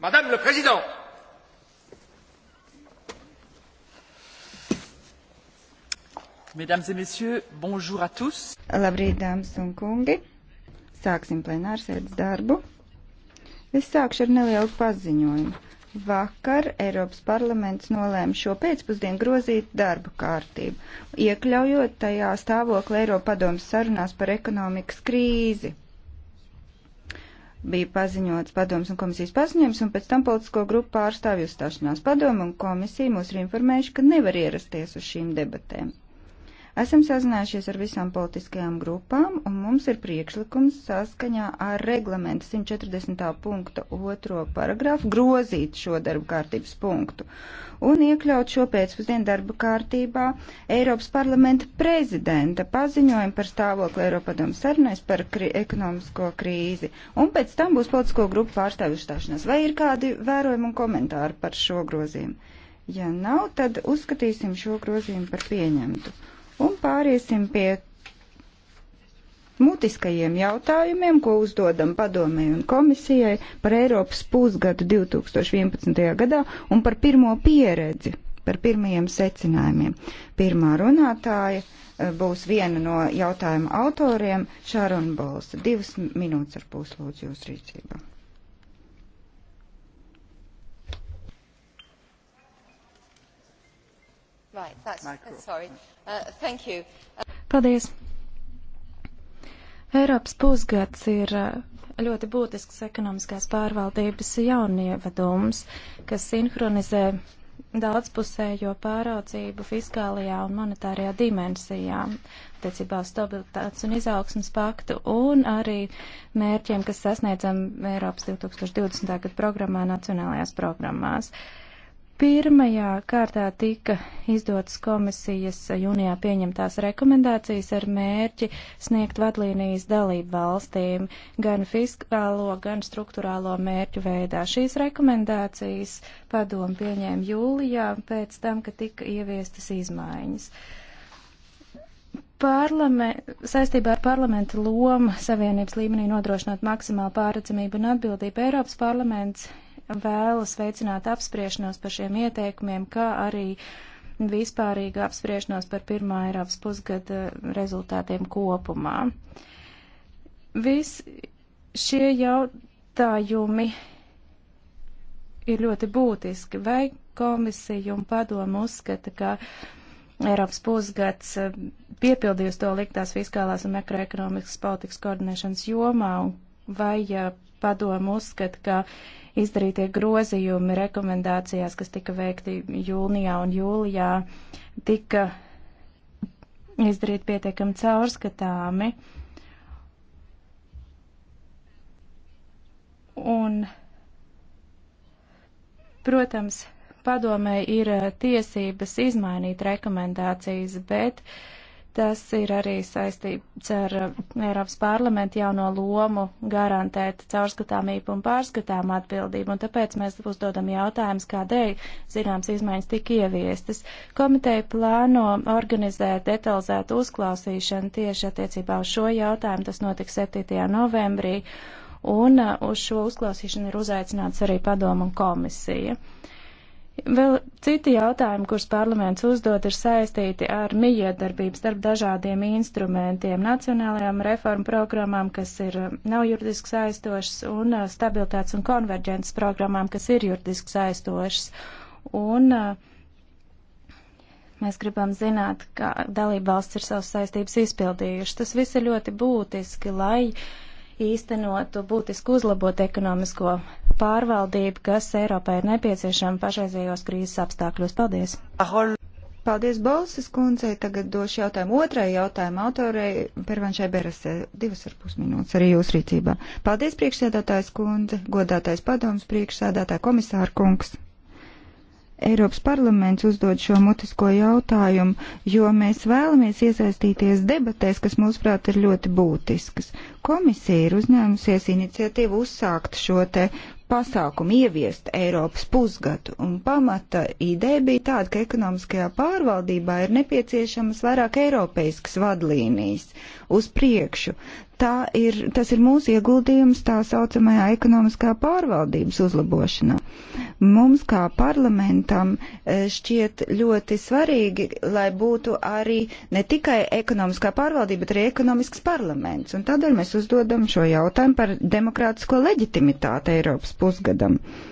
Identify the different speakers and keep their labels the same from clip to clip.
Speaker 1: Madame le Président, Mesdames et messieurs, bonjour à tous. Labrīt, dāmas un kungi. Sāksim plenārsēdes darbu. Es sākšu ar nelielu paziņojumu. Vakar Eiropas parlaments nolēma šo pēcpusdienu grozīt darba kārtību, iekļaujot tajā stāvokli Eiropa padomas sarunās par ekonomikas krīzi bija paziņots padomas un komisijas paziņojums, un pēc tam politisko grupu pārstāvju uzstāšanās padomu un komisija mūs ir informējuši, ka nevar ierasties uz šīm debatēm. Esam sazinājušies ar visām politiskajām grupām, un mums ir priekšlikums saskaņā ar reglamentu 140. punkta otro paragrafu grozīt šo darba kārtības punktu un iekļaut šo pēcpusdienu darba kārtībā Eiropas parlamenta prezidenta paziņojumu par stāvokli Eiropadomu sarunais par kri ekonomisko krīzi. Un pēc tam būs politisko grupu pārstāvju uzstāšanās. Vai ir kādi vērojumi un komentāri par šo grozījumu? Ja nav, tad uzskatīsim šo grozījumu par pieņemtu. Un pāriesim pie mutiskajiem jautājumiem, ko uzdodam padomē un komisijai par Eiropas pusgadu 2011. gadā un par pirmo pieredzi, par pirmajiem secinājumiem. Pirmā runātāja eh, būs viena no jautājuma autoriem Šārona Bolsa. Divas minūtes ar puslūdzu jūs rīcībā. Right, that's, that's sorry. Uh. uh, thank you.
Speaker 2: Uh... Paldies. Eiropas pusgads ir uh, ļoti būtisks ekonomiskās pārvaldības jaunievedums, kas sinhronizē daudzpusējo pāraudzību fiskālajā un monetārajā dimensijā, attiecībā uz stabilitātes un izaugsmas paktu un arī mērķiem, kas sasniedzam Eiropas 2020. gadu programmā, nacionālajās programmās. Uh, Pirmajā kārtā tika izdotas komisijas jūnijā pieņemtās rekomendācijas ar mērķi sniegt vadlīnijas dalību valstīm gan fiskālo, gan struktūrālo mērķu veidā. Šīs rekomendācijas padomu pieņēma jūlijā pēc tam, ka tika ieviestas izmaiņas. Parlame, saistībā ar parlamentu lomu savienības līmenī nodrošināt maksimālu pārredzamību un atbildību Eiropas parlaments vēlas veicināt apspriešanos par šiem ieteikumiem, kā arī vispārīgu apspriešanos par pirmā Eiropas pusgada rezultātiem kopumā. Viss šie jautājumi ir ļoti būtiski. Vai komisija un padomu uzskata, ka Eiropas pusgads piepildījusi to liktās fiskālās un makroekonomikas politikas koordinēšanas jomā, vai padomu uzskata, ka izdarītie grozījumi rekomendācijās, kas tika veikti jūnijā un jūlijā, tika izdarīti pietiekami caurskatāmi. Un, protams, padomē ir tiesības izmainīt rekomendācijas, bet uh, Tas ir arī saistīts ar uh, Eiropas parlamentu jauno lomu garantēt caurskatāmību un pārskatām atbildību, un tāpēc mēs uzdodam jautājumus, kādēļ zināms izmaiņas tika ieviestas. Komiteja plāno organizēt detalizētu uzklausīšanu tieši attiecībā uz šo jautājumu, tas notiks 7. novembrī, un uh, uz šo uzklausīšanu ir uzaicināts arī padomu un komisija. Uh, Vēl citi jautājumi, kurus parlaments uzdot, ir saistīti ar mijiedarbības starp dažādiem instrumentiem, nacionālajām reformu programmām, kas ir eh, nav juridiski saistošas, un eh, stabilitātes un konverģences programmām, kas ir juridiski saistošas. Un eh, mēs gribam zināt, kā dalība valsts ir savas saistības izpildījušas. Tas viss ir ļoti būtiski, lai uh, īstenotu būtisku uzlabot ekonomisko
Speaker 1: pārvaldību, kas Eiropai ir nepieciešama pašreizējos krīzes apstākļos. Paldies! Paldies Balsas kundzei. Tagad došu jautājumu otrai jautājumu autorei Pervanšai Beresē. Divas ar pus minūtes arī jūs rīcībā. Paldies priekšsēdātājs kundze, godātais padoms priekšsēdātāja komisāra kungs. Eiropas parlaments uzdod šo mutisko jautājumu, jo mēs vēlamies iesaistīties debatēs, kas mūsuprāt ir ļoti būtiskas. Komisija ir uzņēmusies iniciatīvu uzsākt šo te pasākumu ieviest Eiropas pusgadu, un pamata ideja bija tāda, ka ekonomiskajā pārvaldībā ir nepieciešamas vairāk eiropeiskas vadlīnijas uz priekšu tā ir, tas ir mūsu ieguldījums tā saucamajā ekonomiskā pārvaldības uzlabošanā. Mums kā parlamentam e, šķiet ļoti svarīgi, lai būtu arī ne tikai ekonomiskā pārvaldība, bet arī ekonomisks parlaments. Un tādēļ mēs uzdodam šo jautājumu par demokrātisko leģitimitāti Eiropas pusgadam. Uh,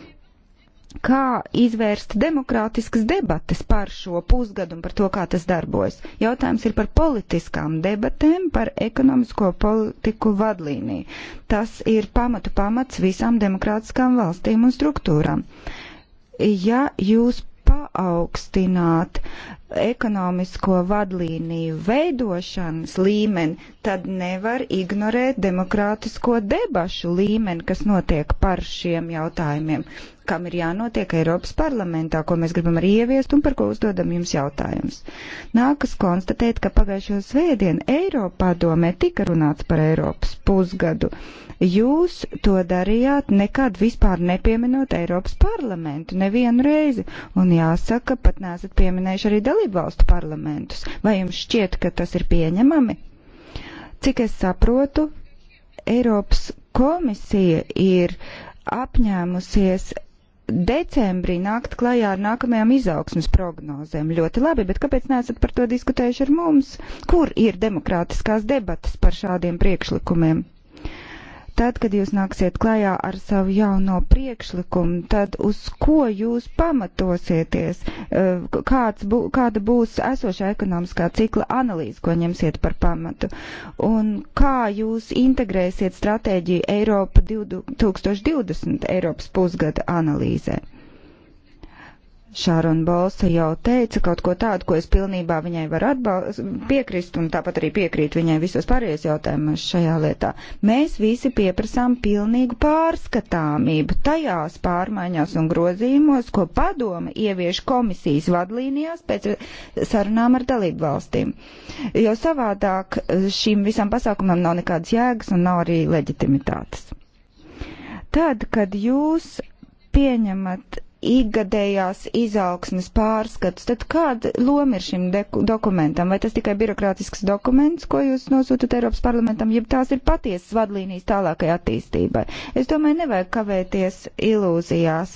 Speaker 1: kā izvērst demokrātiskas debates par šo pusgadu un par to, kā tas darbojas. Jautājums ir par politiskām debatēm, par ekonomisko politiku vadlīniju. Tas ir pamatu pamats visām demokrātiskām valstīm un struktūrām. Ja jūs paaugstināt ekonomisko vadlīniju veidošanas līmeni, tad nevar ignorēt demokrātisko debašu līmeni, kas notiek par šiem jautājumiem kam ir jānotiek Eiropas parlamentā, ko mēs gribam arī ieviest un par ko uzdodam jums jautājumus. Nākas konstatēt, ka pagājušo svētdienu Eiropā domē tika runāts par Eiropas pusgadu. Jūs to darījāt nekad vispār nepieminot Eiropas parlamentu nevienu reizi, un jāsaka, pat nesat pieminējuši arī dalību valstu parlamentus. Vai jums šķiet, ka tas ir pieņemami? Cik es saprotu, Eiropas komisija ir apņēmusies decembrī nākt klajā ar nākamajām izaugsmas prognozēm. Ļoti labi, bet kāpēc neesat par to diskutējuši ar mums? Kur ir demokrātiskās debatas par šādiem priekšlikumiem? Tad, kad jūs nāksiet klajā ar savu jauno priekšlikumu, tad uz ko jūs pamatosieties? Eh, kāds, bū, kāda būs esošā ekonomiskā cikla analīze, ko ņemsiet par pamatu? Un kā jūs integrēsiet stratēģiju Eiropa 2020 Eiropas pusgada analīzē? Šārona Balsa jau teica kaut ko tādu, ko es pilnībā viņai varu piekrist, un tāpat arī piekrīt viņai visos pārējos jautājumos šajā lietā. Mēs visi pieprasām pilnīgu pārskatāmību tajās pārmaiņās un grozījumos, ko padome ievieš komisijas vadlīnijās pēc sarunām ar dalību valstīm. Jo savādāk šim visam pasākumam nav nekādas jēgas un nav arī leģitimitātes. Tad, kad jūs pieņemat ikgadējās izaugsmes pārskats, tad kāda loma ir šim dokumentam? Vai tas tikai birokrātisks dokuments, ko jūs nosūtat Eiropas parlamentam, jeb tās ir patiesas vadlīnijas tālākai attīstībai? Es domāju, nevajag kavēties ilūzijās.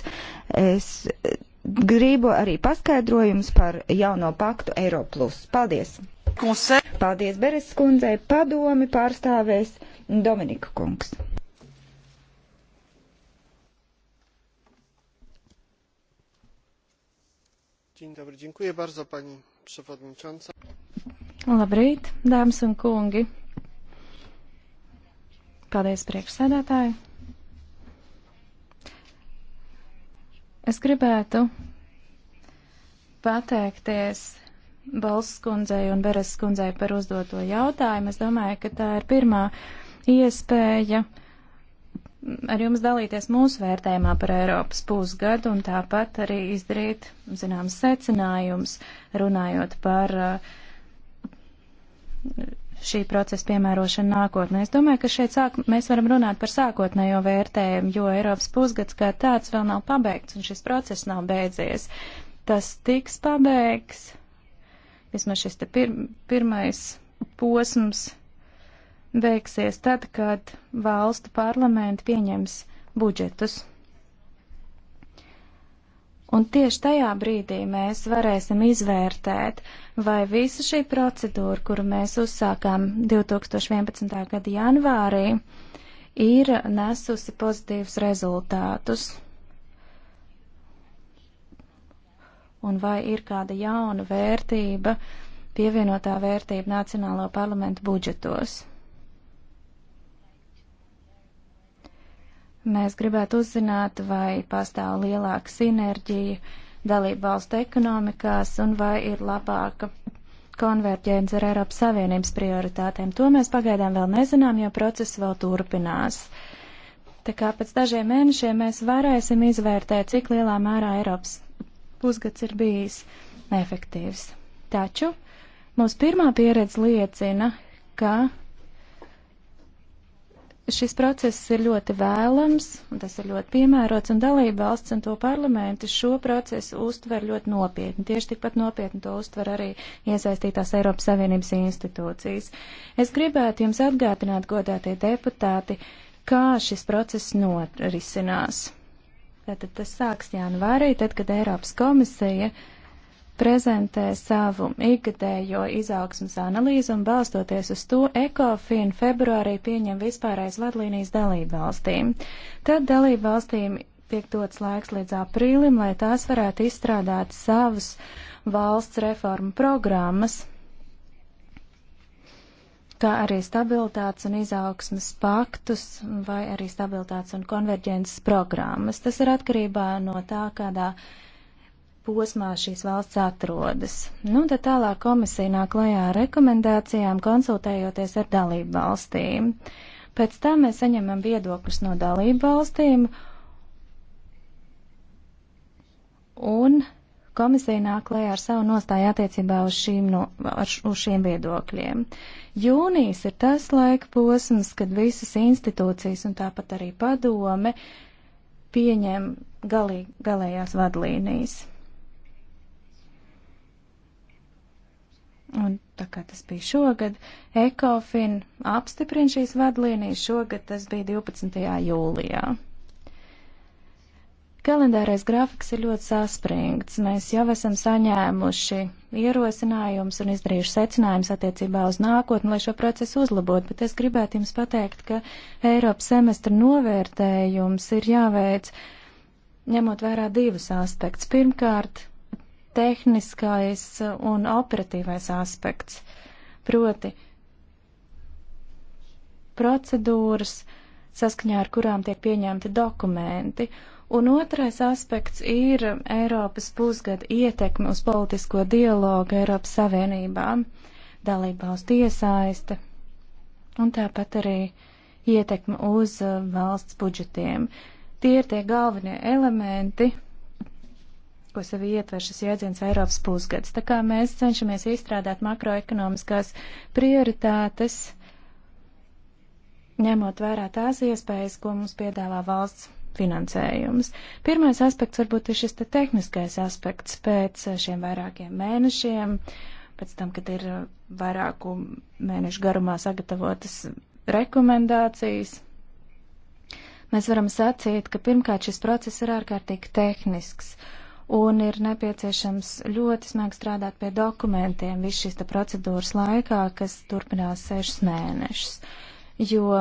Speaker 1: Es gribu arī paskaidrojums par jauno paktu Eiroplus. Paldies! Paldies Beres kundzei, padomi pārstāvēs Dominika kungs. Dzień dobry, dziękuję bardzo pani przewodnicząca.
Speaker 2: Labrīt, dāmas un kungi. Paldies priekšsēdētāji. Es gribētu pateikties Balsas kundzei un Beres kundzei par uzdoto jautājumu. Es domāju, ka tā ir pirmā iespēja uh, ar jums dalīties mūsu vērtējumā par Eiropas pusgadu un tāpat arī izdarīt, zināms, secinājums, runājot par uh, šī procesa piemērošanu nākotnē. Es domāju, ka šeit sāk, mēs varam runāt par sākotnējo vērtējumu, jo Eiropas pusgads kā tāds vēl nav pabeigts un šis process nav beidzies. Tas tiks pabeigts, vismaz šis te pir, pirmais posms beigsies tad, kad valstu parlamenti pieņems budžetus. Un tieši tajā brīdī mēs varēsim izvērtēt, vai visa šī procedūra, kuru mēs uzsākām 2011. gada janvārī, ir nesusi pozitīvus rezultātus. Un vai ir kāda jauna vērtība, pievienotā vērtība Nacionālo parlamentu budžetos. Mēs gribētu uzzināt, vai pastāv lielāka sinerģija dalību valstu ekonomikās un vai ir labāka konverģence ar Eiropas Savienības prioritātēm. To mēs pagaidām vēl nezinām, jo process vēl turpinās. Tā kā pēc dažiem mēnešiem mēs varēsim izvērtēt, cik lielā mērā Eiropas pusgads ir bijis efektīvs. Taču mūsu pirmā pieredze liecina, ka šis process ir ļoti vēlams, un tas ir ļoti piemērots, un dalība valsts un to parlamenti šo procesu uztver ļoti nopietni. Tieši tikpat nopietni to uztver arī iesaistītās Eiropas Savienības institūcijas. Es gribētu jums atgādināt, godātie deputāti, kā šis process norisinās. Tātad tas sāks janvārī, tad, kad Eiropas komisija uh, prezentē savu ikgadējo izaugsmas analīzi un balstoties uz to ECOFIN februārī pieņem vispārējais vadlīnijas dalībvalstīm. Tad dalībvalstīm tiek dots laiks līdz aprīlim, lai tās varētu izstrādāt savus valsts reformu programmas, kā arī stabilitātes un izaugsmas paktus vai arī stabilitātes un konverģences programmas. Tas ir atkarībā no tā, kādā uh, posmā šīs valsts atrodas. Nu, tad tālāk komisija nāk klajā ar rekomendācijām, konsultējoties ar dalību valstīm. Pēc tam mēs saņemam viedokļus no dalību valstīm, un komisija nāk klajā ar savu nostāju attiecībā uz šīm, no, ar, uz šiem viedokļiem. Jūnijas ir tas laika posms, kad visas institūcijas un tāpat arī padome pieņem galī, galējās vadlīnijas. Un tā kā tas bija šogad, ECOFIN apstiprina šīs vadlīnijas, šogad tas bija 12. jūlijā. Kalendārais grafiks ir ļoti saspringts. Mēs jau esam saņēmuši ierosinājumus un izdarījuši secinājumus attiecībā uz nākotni, lai šo procesu uzlabotu, bet es gribētu jums pateikt, ka Eiropas semestra novērtējums ir jāveic ņemot vērā divus aspektus. Pirmkārt, tehniskais un operatīvais aspekts. Proti, procedūras, saskaņā ar kurām tiek pieņemti dokumenti, un otrais aspekts ir Eiropas pusgada ietekme uz politisko dialogu Eiropas Savienībā, dalībvalstu iesaiste, un tāpat arī ietekme uz valsts budžetiem. Tie ir tie galvenie elementi, ko sev ietver šis jēdziens Eiropas pusgads. Tā kā mēs cenšamies izstrādāt makroekonomiskās prioritātes, ņemot vērā tās iespējas, ko mums piedāvā valsts finansējums. Pirmais aspekts varbūt ir šis te tehniskais aspekts pēc šiem vairākiem mēnešiem, pēc tam, kad ir vairāku mēnešu garumā sagatavotas rekomendācijas. Mēs varam sacīt, ka pirmkārt šis process ir ārkārtīgi tehnisks. Uh, un ir nepieciešams ļoti smagi strādāt pie dokumentiem visu šīs procedūras laikā, kas turpinās sešas mēnešus, jo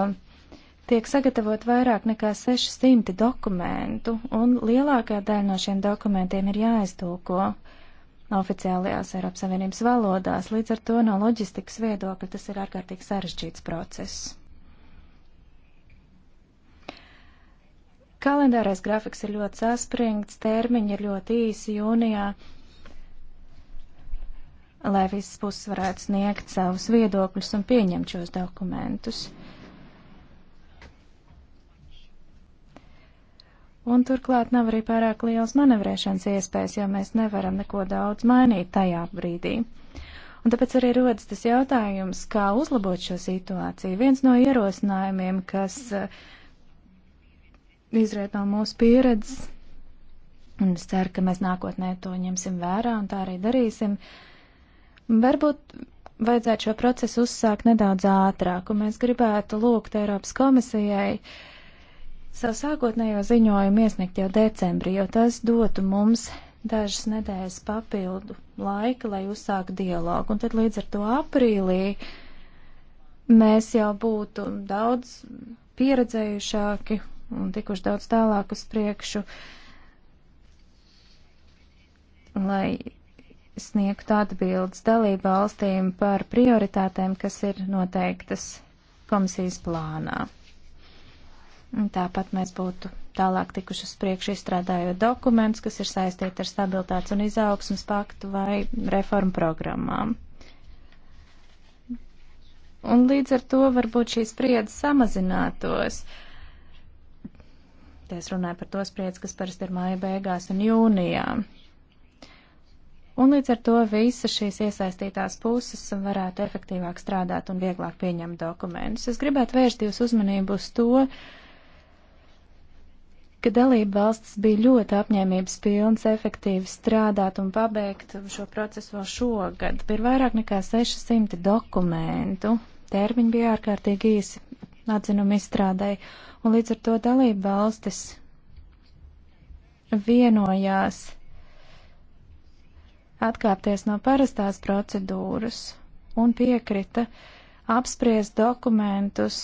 Speaker 2: tiek sagatavot vairāk nekā 600 dokumentu, un lielākā daļa no šiem dokumentiem ir jāiztulko oficiālajās Eiropas Savienības valodās, līdz ar to no loģistikas viedokļa tas ir ārkārtīgi sarežģīts process. Kalendārais grafiks ir ļoti saspringts, termiņi ir ļoti īsi jūnijā, lai visas puses varētu sniegt savus viedokļus un pieņemt šos dokumentus. Un turklāt nav arī pārāk liels manevrēšanas iespējas, jo mēs nevaram neko daudz mainīt tajā brīdī. Un tāpēc arī rodas tas jautājums, kā uzlabot šo situāciju. Viens no ierosinājumiem, kas uh, izriet no mūsu pieredzes. Un es ceru, ka mēs nākotnē to ņemsim vērā un tā arī darīsim. Varbūt vajadzētu šo procesu uzsākt nedaudz ātrāk, un mēs gribētu lūgt Eiropas komisijai savu sākotnējo ziņojumu iesniegt jau decembrī, jo tas dotu mums dažas nedēļas papildu laika, lai uzsāktu dialogu. Un tad līdz ar to aprīlī mēs jau būtu daudz pieredzējušāki un tikuši daudz tālāk uz priekšu, lai sniegtu atbildes dalību valstīm par prioritātēm, kas ir noteiktas komisijas plānā. Un tāpat mēs būtu tālāk tikuši uz priekšu izstrādājot dokumentus, kas ir saistīti ar stabilitātes un izaugsmas paktu vai reformu programmām. Un līdz ar to varbūt šīs priedas samazinātos. Uh, Te es runāju par to spriedzi, kas parasti ir māja beigās un jūnijā. Un līdz ar to visas šīs iesaistītās puses varētu efektīvāk strādāt un vieglāk pieņemt dokumentus. Es gribētu vērst jūs uzmanību uz to, ka dalība valsts bija ļoti apņēmības pilns efektīvi strādāt un pabeigt šo procesu vēl šogad. Ir vairāk nekā 600 dokumentu, termiņi bija ārkārtīgi īsi atzinumu izstrādai, un līdz ar to dalība valstis vienojās atkāpties no parastās procedūras un piekrita apspriest dokumentus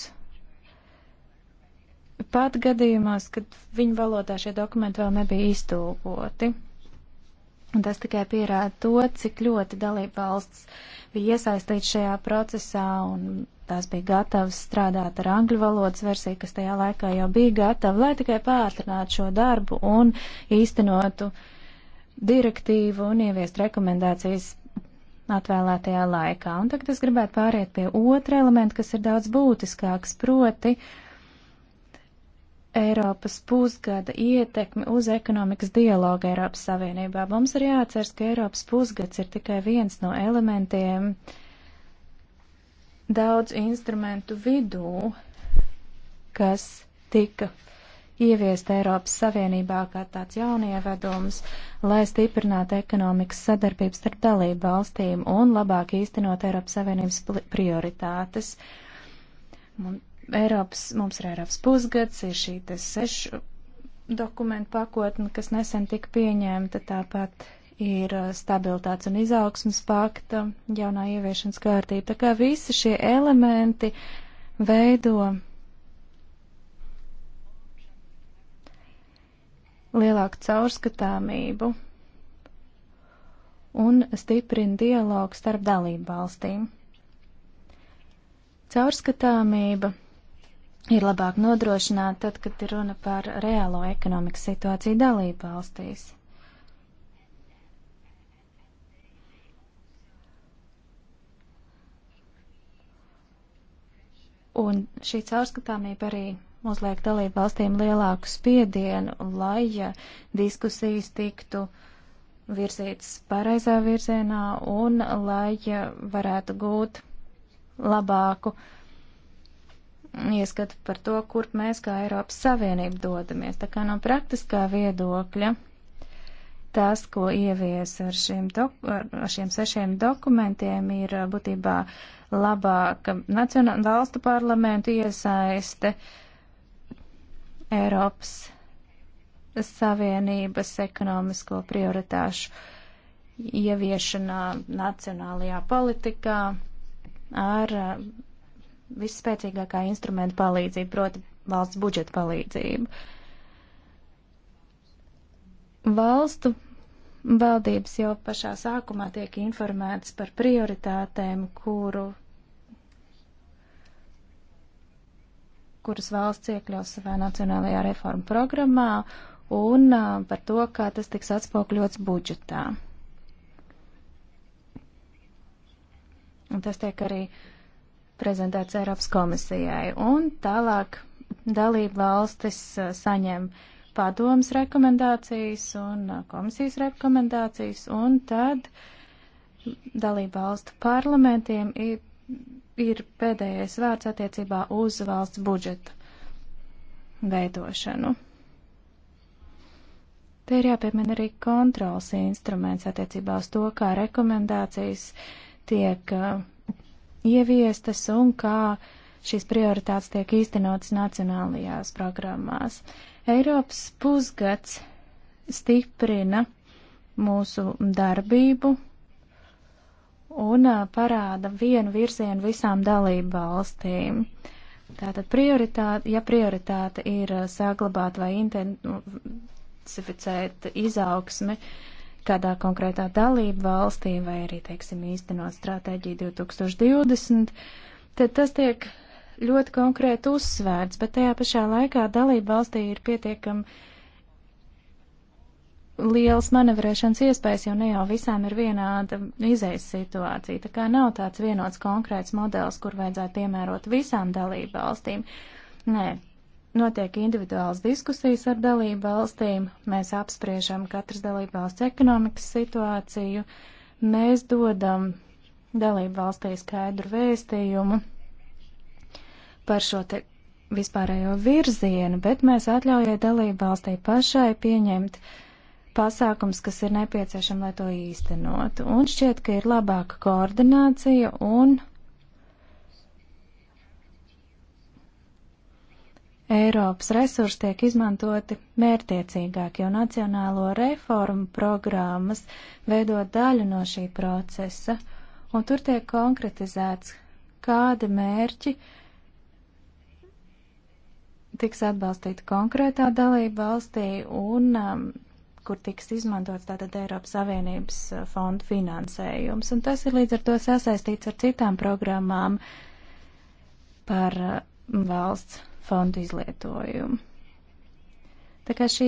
Speaker 2: pat gadījumos, kad viņu valodā šie dokumenti vēl nebija iztūkoti. Un tas tikai pierāda to, cik ļoti dalība valsts bija iesaistīta šajā procesā un tās bija gatavas strādāt ar angļu valodas versiju, kas tajā laikā jau bija gatava, lai tikai pātrinātu šo darbu un īstenotu direktīvu un ieviest rekomendācijas atvēlētajā laikā. Un tagad es gribētu pāriet pie otra elementa, kas ir daudz būtiskāks, proti uh, Eiropas pusgada ietekmi uz ekonomikas dialogu Eiropas Savienībā. Mums ir jāatceras, ka Eiropas pusgads ir tikai viens no elementiem daudz instrumentu vidū, kas tika ieviest Eiropas Savienībā kā tāds jaunievedums, lai stiprinātu ekonomikas sadarbības starp dalību valstīm un labāk īstenot Eiropas Savieniības prioritātes. Un Eiropas, mums ir Eiropas pusgads, ir šī te sešu dokumentu pakotne, kas nesen tika pieņemta, tāpat ir uh, stabilitātes un izaugsmas pakta, jaunā ieviešanas kārtība. Tā kā visi šie elementi veido lielāku caurskatāmību un stiprina dialogu starp dalību valstīm. Caurskatāmība ir labāk nodrošināta tad, kad ir runa par reālo ekonomikas situāciju dalību valstīs. Un šī caurskatāmība arī uzliek dalību valstīm lielāku spiedienu, lai diskusijas tiktu virzītas pareizā virzienā un lai varētu gūt labāku uh, ieskatu par to, kur mēs kā Eiropas Savienība dodamies. Tā kā no praktiskā viedokļa tas, ko ievies ar šiem, doku, ar šiem sešiem dokumentiem, ir uh, būtībā labāka nacionāla valstu parlamentu iesaiste Eiropas Savienības ekonomisko prioritāšu ieviešanā nacionālajā politikā ar uh, visspēcīgākā instrumenta palīdzību, proti valsts budžeta palīdzību. Valstu valdības jau pašā sākumā tiek informētas par prioritātēm, kuru, kuras valsts iekļaus savā nacionālajā reforma programmā un par to, kā tas tiks atspokļots budžetā. Un tas tiek arī uh, prezentēts Eiropas komisijai, un tālāk dalība valstis uh, saņem padomas rekomendācijas un uh, komisijas rekomendācijas, un tad dalība valstu parlamentiem ir, ir pēdējais vārds attiecībā uz valsts budžetu veidošanu. Te ir jāpiemina arī kontrols instruments attiecībā uz to, kā rekomendācijas tiek uh, ieviestas un kā šīs prioritātes tiek īstenotas nacionālajās programmās. Eiropas pusgads stiprina mūsu darbību un parāda vienu virzienu visām dalību valstīm. Tātad prioritāte, ja prioritāte ir saglabāt vai nu, intensificēt izaugsmi, uh, kādā konkrētā dalība valstī vai arī, teiksim, īstenot stratēģiju 2020, tad tas tiek ļoti konkrēti uzsvērts, bet tajā pašā laikā dalība valstī ir pietiekami liels manevrēšanas iespējas, jo ne jau visām ir vienāda izējas situācija. Tā kā nav tāds vienots konkrēts modelis, kur vajadzētu piemērot visām dalību valstīm. Nē, notiek individuāls diskusijas ar dalību valstīm, mēs apspriežam katras dalību valsts ekonomikas situāciju, mēs dodam dalību valstī skaidru vēstījumu par šo te vispārējo virzienu, bet mēs atļaujam dalību valstī pašai pieņemt pasākums, kas ir nepieciešams, lai to īstenotu. Un šķiet, ka ir labāka koordinācija un Eiropas resursi tiek izmantoti mērtiecīgāk, jo Nacionālo reformu programmas veido daļu no šī procesa, un tur tiek konkretizēts, kādi mērķi tiks atbalstīti konkrētā dalība valstī un um, kur tiks izmantots tātad Eiropas Savienības uh, fondu finansējums. Un tas ir līdz ar to sasaistīts ar citām programmām par uh, valsts fondu izlietojumu. Tā kā šī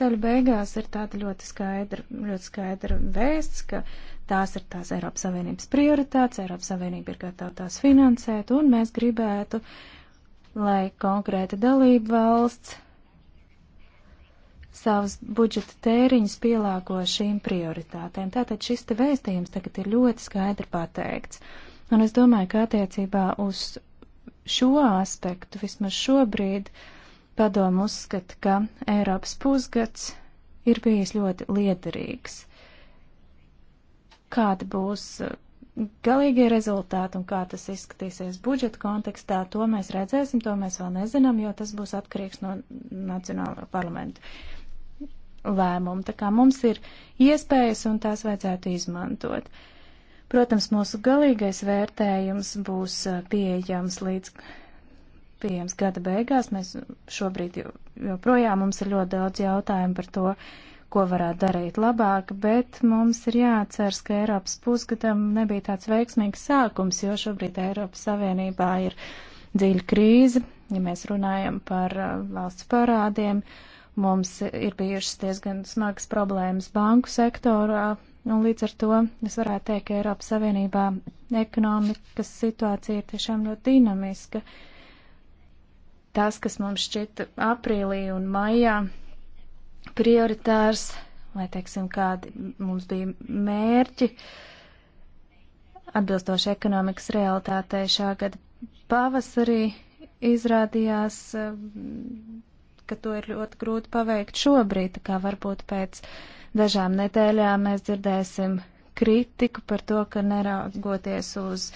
Speaker 2: ceļa beigās ir tāda ļoti skaidra, ļoti skaidra vēsts, ka tās ir tās Eiropas Savienības prioritātes, Eiropas Savienība ir gatava tās finansēt, un mēs gribētu, lai konkrēta dalība valsts savus budžeta tēriņus pielāgo šīm prioritātēm. Tātad šis te vēstījums tagad ir ļoti skaidri pateikts. Un es domāju, ka attiecībā uz šo aspektu, vismaz šobrīd, padomu uzskata, ka Eiropas pusgads ir bijis ļoti liederīgs. Kāda būs uh, galīgie rezultāti un kā tas izskatīsies budžeta kontekstā, to mēs redzēsim, to mēs vēl nezinām, jo tas būs atkarīgs no Nacionālā parlamenta lēmumu. Tā kā mums ir iespējas un tās vajadzētu izmantot. Uh, Protams, mūsu galīgais vērtējums būs eh, pieejams līdz pieejams gada beigās. Mēs šobrīd joprojām mums ir ļoti daudz jautājumu par to, ko varētu darīt labāk, bet mums ir jāatceras, ka Eiropas pusgadam nebija tāds veiksmīgs sākums, jo šobrīd Eiropas Savienībā ir dziļa krīze, ja mēs runājam par eh, valsts parādiem. Mums ir bijušas diezgan smagas problēmas banku sektorā, Un līdz ar to es varētu teikt, ka Eiropas Savienībā ekonomikas situācija ir tiešām ļoti dinamiska. Tas, kas mums šķita aprīlī un maijā prioritārs, vai teiksim, kādi mums bija mērķi, atbilstoši ekonomikas realitātei šā gada pavasarī izrādījās, eh, ka to ir ļoti grūti paveikt šobrīd, tā kā varbūt pēc uh, dažām nedēļām mēs dzirdēsim kritiku par to, ka neraugoties uz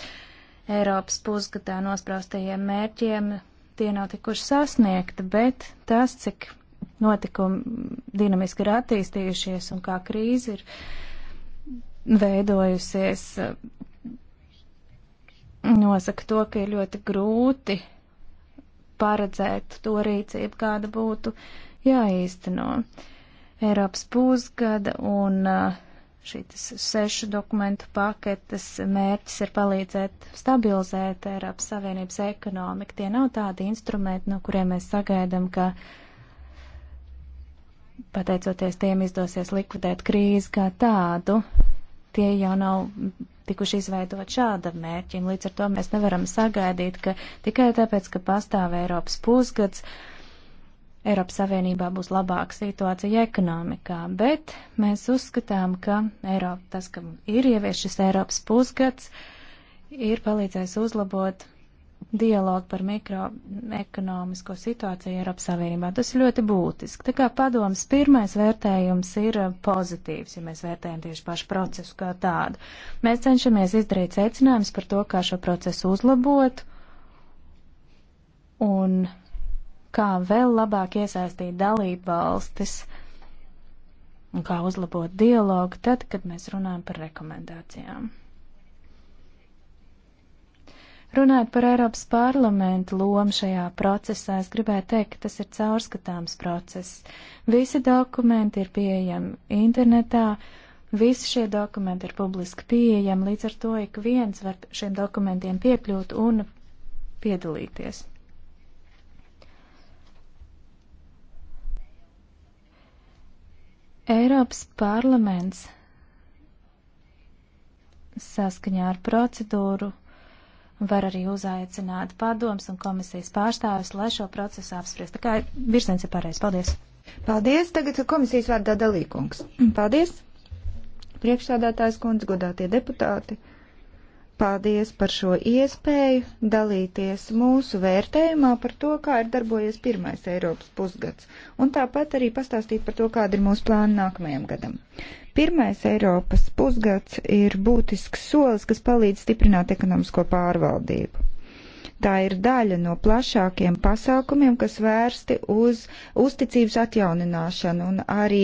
Speaker 2: Eiropas pusgadā nospraustajiem mērķiem, tie nav tikuši sasniegti, bet tas, cik notikumi dinamiski ir attīstījušies un kā krīze ir veidojusies, nosaka to, ka ir ļoti grūti paredzēt to rīcību, kāda būtu jāīsteno. Uh, Eiropas pusgada un uh, šīs sešu dokumentu paketes mērķis ir palīdzēt stabilizēt Eiropas Savienības ekonomiku. Tie nav tādi instrumenti, no kuriem mēs sagaidām, ka pateicoties tiem izdosies likvidēt krīzi kā tādu. Tie jau nav tikuši izveidot šādam mērķim. Līdz ar to mēs nevaram sagaidīt, ka tikai tāpēc, ka pastāv Eiropas pusgads, uh, Eiropas Savienībā būs labāka situācija ekonomikā, bet mēs uzskatām, ka Eiropa, tas, ka ir ievies šis Eiropas pusgads, ir palīdzējis uzlabot dialogu par mikroekonomisko situāciju Eiropas Savienībā. Tas ir ļoti būtiski. Tā kā padoms pirmais vērtējums ir pozitīvs, ja mēs vērtējam tieši pašu procesu kā tādu. Mēs cenšamies izdarīt secinājumus par to, kā šo procesu uzlabot. Un kā vēl labāk iesaistīt dalību valstis un kā uzlabot dialogu tad, kad mēs runājam par rekomendācijām. Runājot par Eiropas parlamentu lomu šajā procesā, es gribēju teikt, ka tas ir caurskatāms process. Visi dokumenti ir pieejami internetā, visi šie dokumenti ir publiski pieejami, līdz ar to ik viens var šiem dokumentiem piekļūt un piedalīties. Eiropas parlaments saskaņā ar procedūru var arī uzaicināt padoms un komisijas
Speaker 1: pārstāvis, lai šo procesu apspriest. Tā kā virziens ir pareizs. Paldies! Paldies! Tagad komisijas vārdā dalīkums. Paldies! Priekšsādātājs kundze, godātie deputāti! Paldies par šo iespēju dalīties mūsu vērtējumā par to, kā ir darbojies pirmais Eiropas pusgads, un tāpat arī pastāstīt par to, kāda ir mūsu plāna nākamajam gadam. Pirmais Eiropas pusgads ir būtisks solis, kas palīdz stiprināt ekonomisko pārvaldību. Tā ir daļa no plašākiem pasākumiem, kas vērsti uz uzticības atjaunināšanu un arī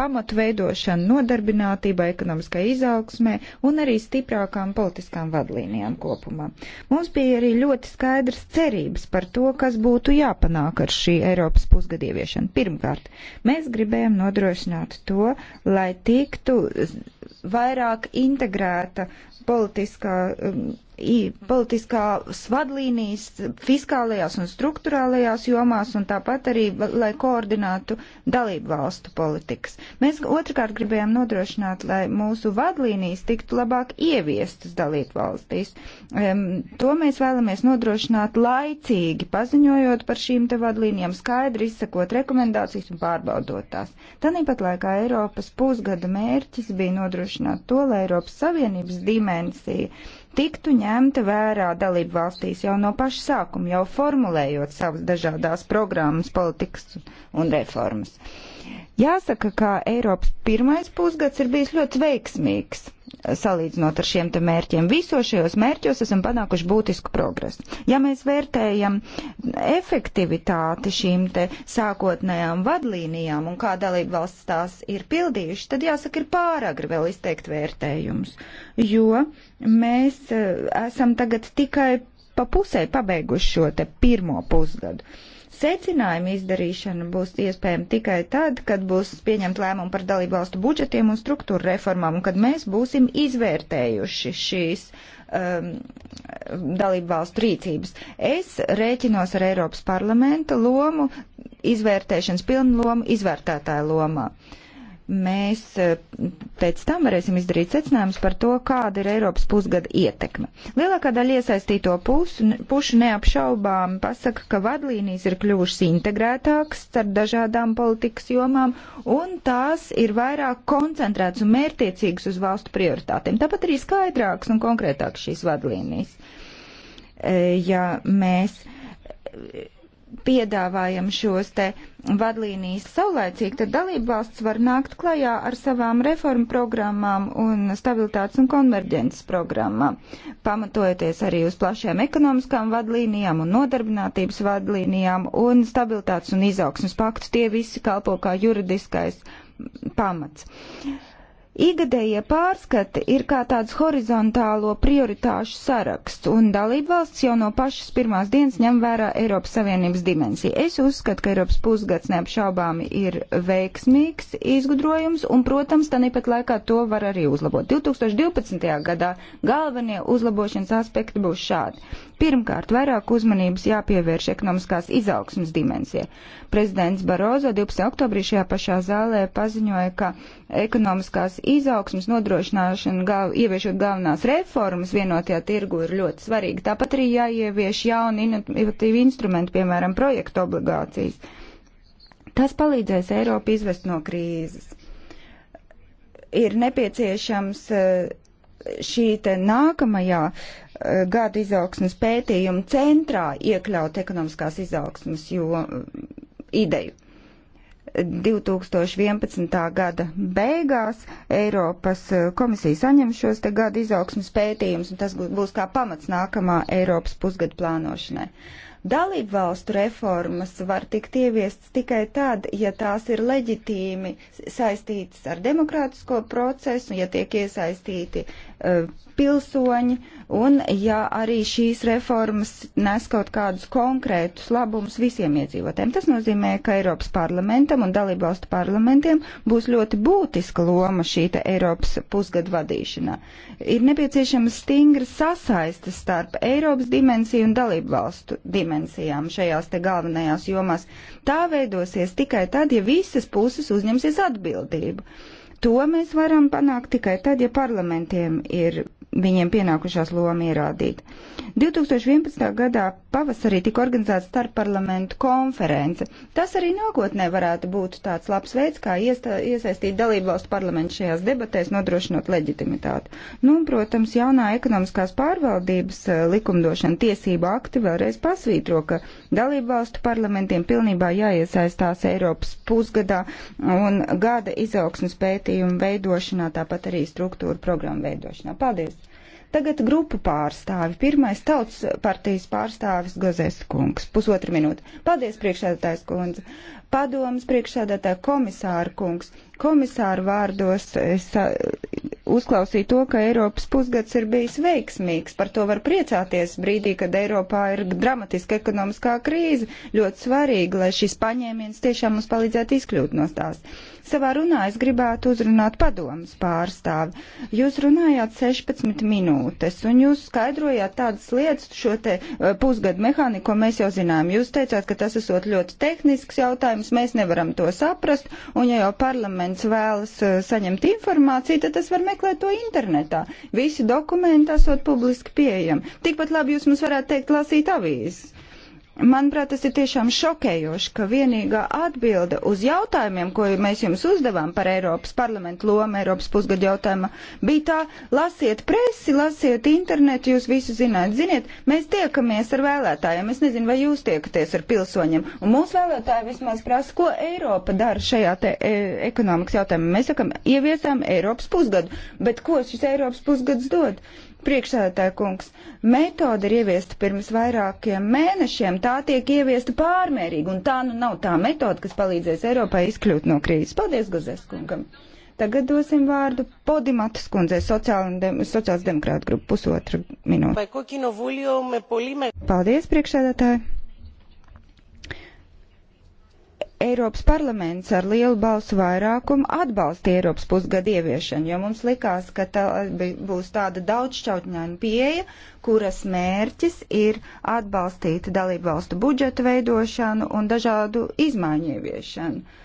Speaker 1: pamatu veidošanu nodarbinātībai, ekonomiskai izaugsmē un arī stiprākām politiskām vadlīnijām kopumā. Mums bija arī ļoti skaidrs cerības par to, kas būtu jāpanāk ar šī Eiropas pusgadieviešanu. Pirmkārt, mēs gribējām nodrošināt to, lai tiktu vairāk integrēta politiskā, um, politiskā svadlīnijas fiskālajās un struktūrālajās jomās un tāpat arī, lai koordinātu dalību valstu politikas. Mēs otrkārt gribējām nodrošināt, lai mūsu vadlīnijas tiktu labāk ieviestas dalību valstīs. Um, to mēs vēlamies nodrošināt laicīgi, paziņojot par šīm te vadlīnijām, skaidri izsakot rekomendācijas un pārbaudot tās. Tāpat laikā Eiropas pusgada mērķis bija nodrošināt nodrošināt to, lai Eiropas Savienības dimensija tiktu ņemta vērā dalību valstīs jau no paša sākuma, jau formulējot savas dažādās programmas, politikas un reformas. Jāsaka, ka Eiropas pirmais pusgads ir bijis ļoti veiksmīgs salīdzinot ar šiem te mērķiem. Visos šajos mērķos esam panākuši būtisku progresu. Ja mēs vērtējam efektivitāti šīm te sākotnējām vadlīnijām un kā dalība valsts tās ir pildījuši, tad jāsaka, ir pāragri vēl izteikt vērtējumus, jo mēs eh, esam tagad tikai pa pusē pabeiguši šo te pirmo pusgadu. Secinājuma izdarīšana būs iespējama tikai tad, kad būs pieņemt lēmumu par dalību valstu budžetiem un struktūra reformām, un kad mēs būsim izvērtējuši šīs um, dalību valstu rīcības. Es rēķinos ar Eiropas parlamenta lomu, izvērtēšanas pilnu lomu, izvērtētāju lomā. Uh, mēs eh, pēc tam varēsim izdarīt secinājumus par to, kāda ir Eiropas pusgada ietekme. Lielākā daļa iesaistīto pusu, pušu neapšaubām pasaka, ka vadlīnijas ir kļuvušas integrētākas ar dažādām politikas jomām un tās ir vairāk koncentrētas un mērtiecīgas uz valstu prioritātiem. Tāpat arī skaidrākas un konkrētākas šīs vadlīnijas. Eh, ja mēs piedāvājam šos te vadlīnijas saulēcīgi, tad dalība valsts var nākt klajā ar savām reformu programmām un stabilitātes un konverģences programmām, pamatojoties arī uz plašajām ekonomiskām vadlīnijām un nodarbinātības vadlīnijām un stabilitātes un izaugsmas paktu. Tie visi kalpo kā juridiskais pamats. Uh, Igadējie pārskati ir kā tāds horizontālo prioritāšu saraksts, un dalību valsts jau no pašas pirmās dienas ņem vērā Eiropas Savienības dimensiju. Es uzskatu, ka Eiropas pusgads neapšaubāmi ir veiksmīgs izgudrojums, un, protams, tā nepat laikā to var arī uzlabot. 2012. gadā galvenie uzlabošanas aspekti būs šādi. Pirmkārt, vairāk uzmanības jāpievērš ekonomiskās izaugsmas dimensijai. Prezidents Barozo 12. oktobrī šajā pašā zālē paziņoja, ka ekonomiskās izaugsmas nodrošināšana, gal, ieviešot galvenās reformas vienotajā tirgu ir ļoti svarīga. Tāpat arī jāievieš jauni inovatīvi instrumenti, piemēram, projektu obligācijas. Tas palīdzēs Eiropu izvest no krīzes. Ir nepieciešams eh, šī te nākamajā eh, gada izaugsmas pētījuma centrā iekļaut ekonomiskās izaugsmas jo, ideju. 2011. gada beigās Eiropas eh, komisija saņem šos te gada izaugsmas pētījumus, un tas būs kā pamats nākamā Eiropas pusgada plānošanai. Dalību valstu reformas var tikt ieviestas tikai tad, ja tās ir leģitīmi saistītas ar demokrātisko procesu, ja tiek iesaistīti Eh, pilsoņi, un ja arī šīs reformas nes kaut kādus konkrētus labumus visiem iedzīvotājiem. Tas nozīmē, ka Eiropas parlamentam un dalībvalstu parlamentiem būs ļoti būtiska loma šīta Eiropas pusgadu vadīšanā. Ir nepieciešama stingra sasaiste starp Eiropas dimensiju un dalībvalstu dimensijām šajās te galvenajās jomās. Tā veidosies tikai tad, ja visas puses uzņemsies atbildību. To mēs varam panākt tikai tad, ja parlamentiem ir viņiem pienākušās loma ierādīt. 2011. gadā pavasarī tika organizēta starpparlamentu konference. Tas arī nākotnē varētu būt tāds labs veids, kā iesta, iesaistīt dalību valstu parlamentu šajās debatēs, nodrošinot leģitimitāti. Nu, un, protams, jaunā ekonomiskās pārvaldības eh, likumdošana tiesību akti vēlreiz pasvītro, ka dalību valstu parlamentiem pilnībā jāiesaistās Eiropas pusgadā un gada izaugsmas pētījumā pētījumu veidošanā, tāpat arī struktūra programmu veidošanā. Paldies! Tagad grupu pārstāvi. Pirmais tautas partijas pārstāvis Gozēs kungs. Pusotra minūte. Paldies, priekšsēdētājs kundze. Padomas priekšsēdētāja komisāra kungs. Komisāru vārdos es uzklausīju to, ka Eiropas pusgads ir bijis veiksmīgs. Par to var priecāties brīdī, kad Eiropā ir dramatiska ekonomiskā krīze. Ļoti svarīgi, lai šis paņēmiens tiešām mums palīdzētu izkļūt no tās. Savā runā es gribētu uzrunāt padomus pārstāvi. Jūs runājāt 16 minūtes, un jūs skaidrojāt tādas lietas, šo te pusgadu mehāniku, ko mēs jau zinām. Jūs teicāt, ka tas esot ļoti tehnisks jautājums, mēs nevaram to saprast, un ja jau parlaments parlaments vēlas eh, saņemt informāciju, tad tas var meklēt to internetā. Visi dokumenti esot publiski pieejami. Tikpat labi jūs mums varētu teikt lasīt avīzes. Manuprāt, tas ir tiešām šokējoši, ka vienīgā atbilde uz jautājumiem, ko mēs jums uzdevām par Eiropas parlamentu lomu, Eiropas pusgadu jautājumu, bija tā, lasiet presi, lasiet internetu, jūs visu zināt. Ziniet, mēs tiekamies ar vēlētājiem, es nezinu, vai jūs tiekaties ar pilsoņiem, un mūsu vēlētāji vismaz prasa, ko Eiropa dara šajā te e, ekonomikas jautājumā. Mēs sakam, ieviesām Eiropas pusgadu, bet ko šis Eiropas pusgads dod? Priekšsēdētāja kungs, metode ir ieviesta pirms vairākiem mēnešiem, tā tiek ieviesta pārmērīgi, un tā nu nav tā metode, kas palīdzēs Eiropai izkļūt no krīzes. Paldies, Gazes kungam! Tagad dosim vārdu Podimatas kundzē, dem sociāls demokrāta grupa pusotra minūte. Paldies, priekšsēdētāji! Eiropas parlaments ar lielu balsu vairākumu atbalstīja Eiropas pusgadu ieviešanu, jo mums likās, ka tā būs tāda daudzšķautņaina pieeja, kuras mērķis ir atbalstīt dalību valstu budžetu veidošanu un dažādu izmaiņu ieviešanu.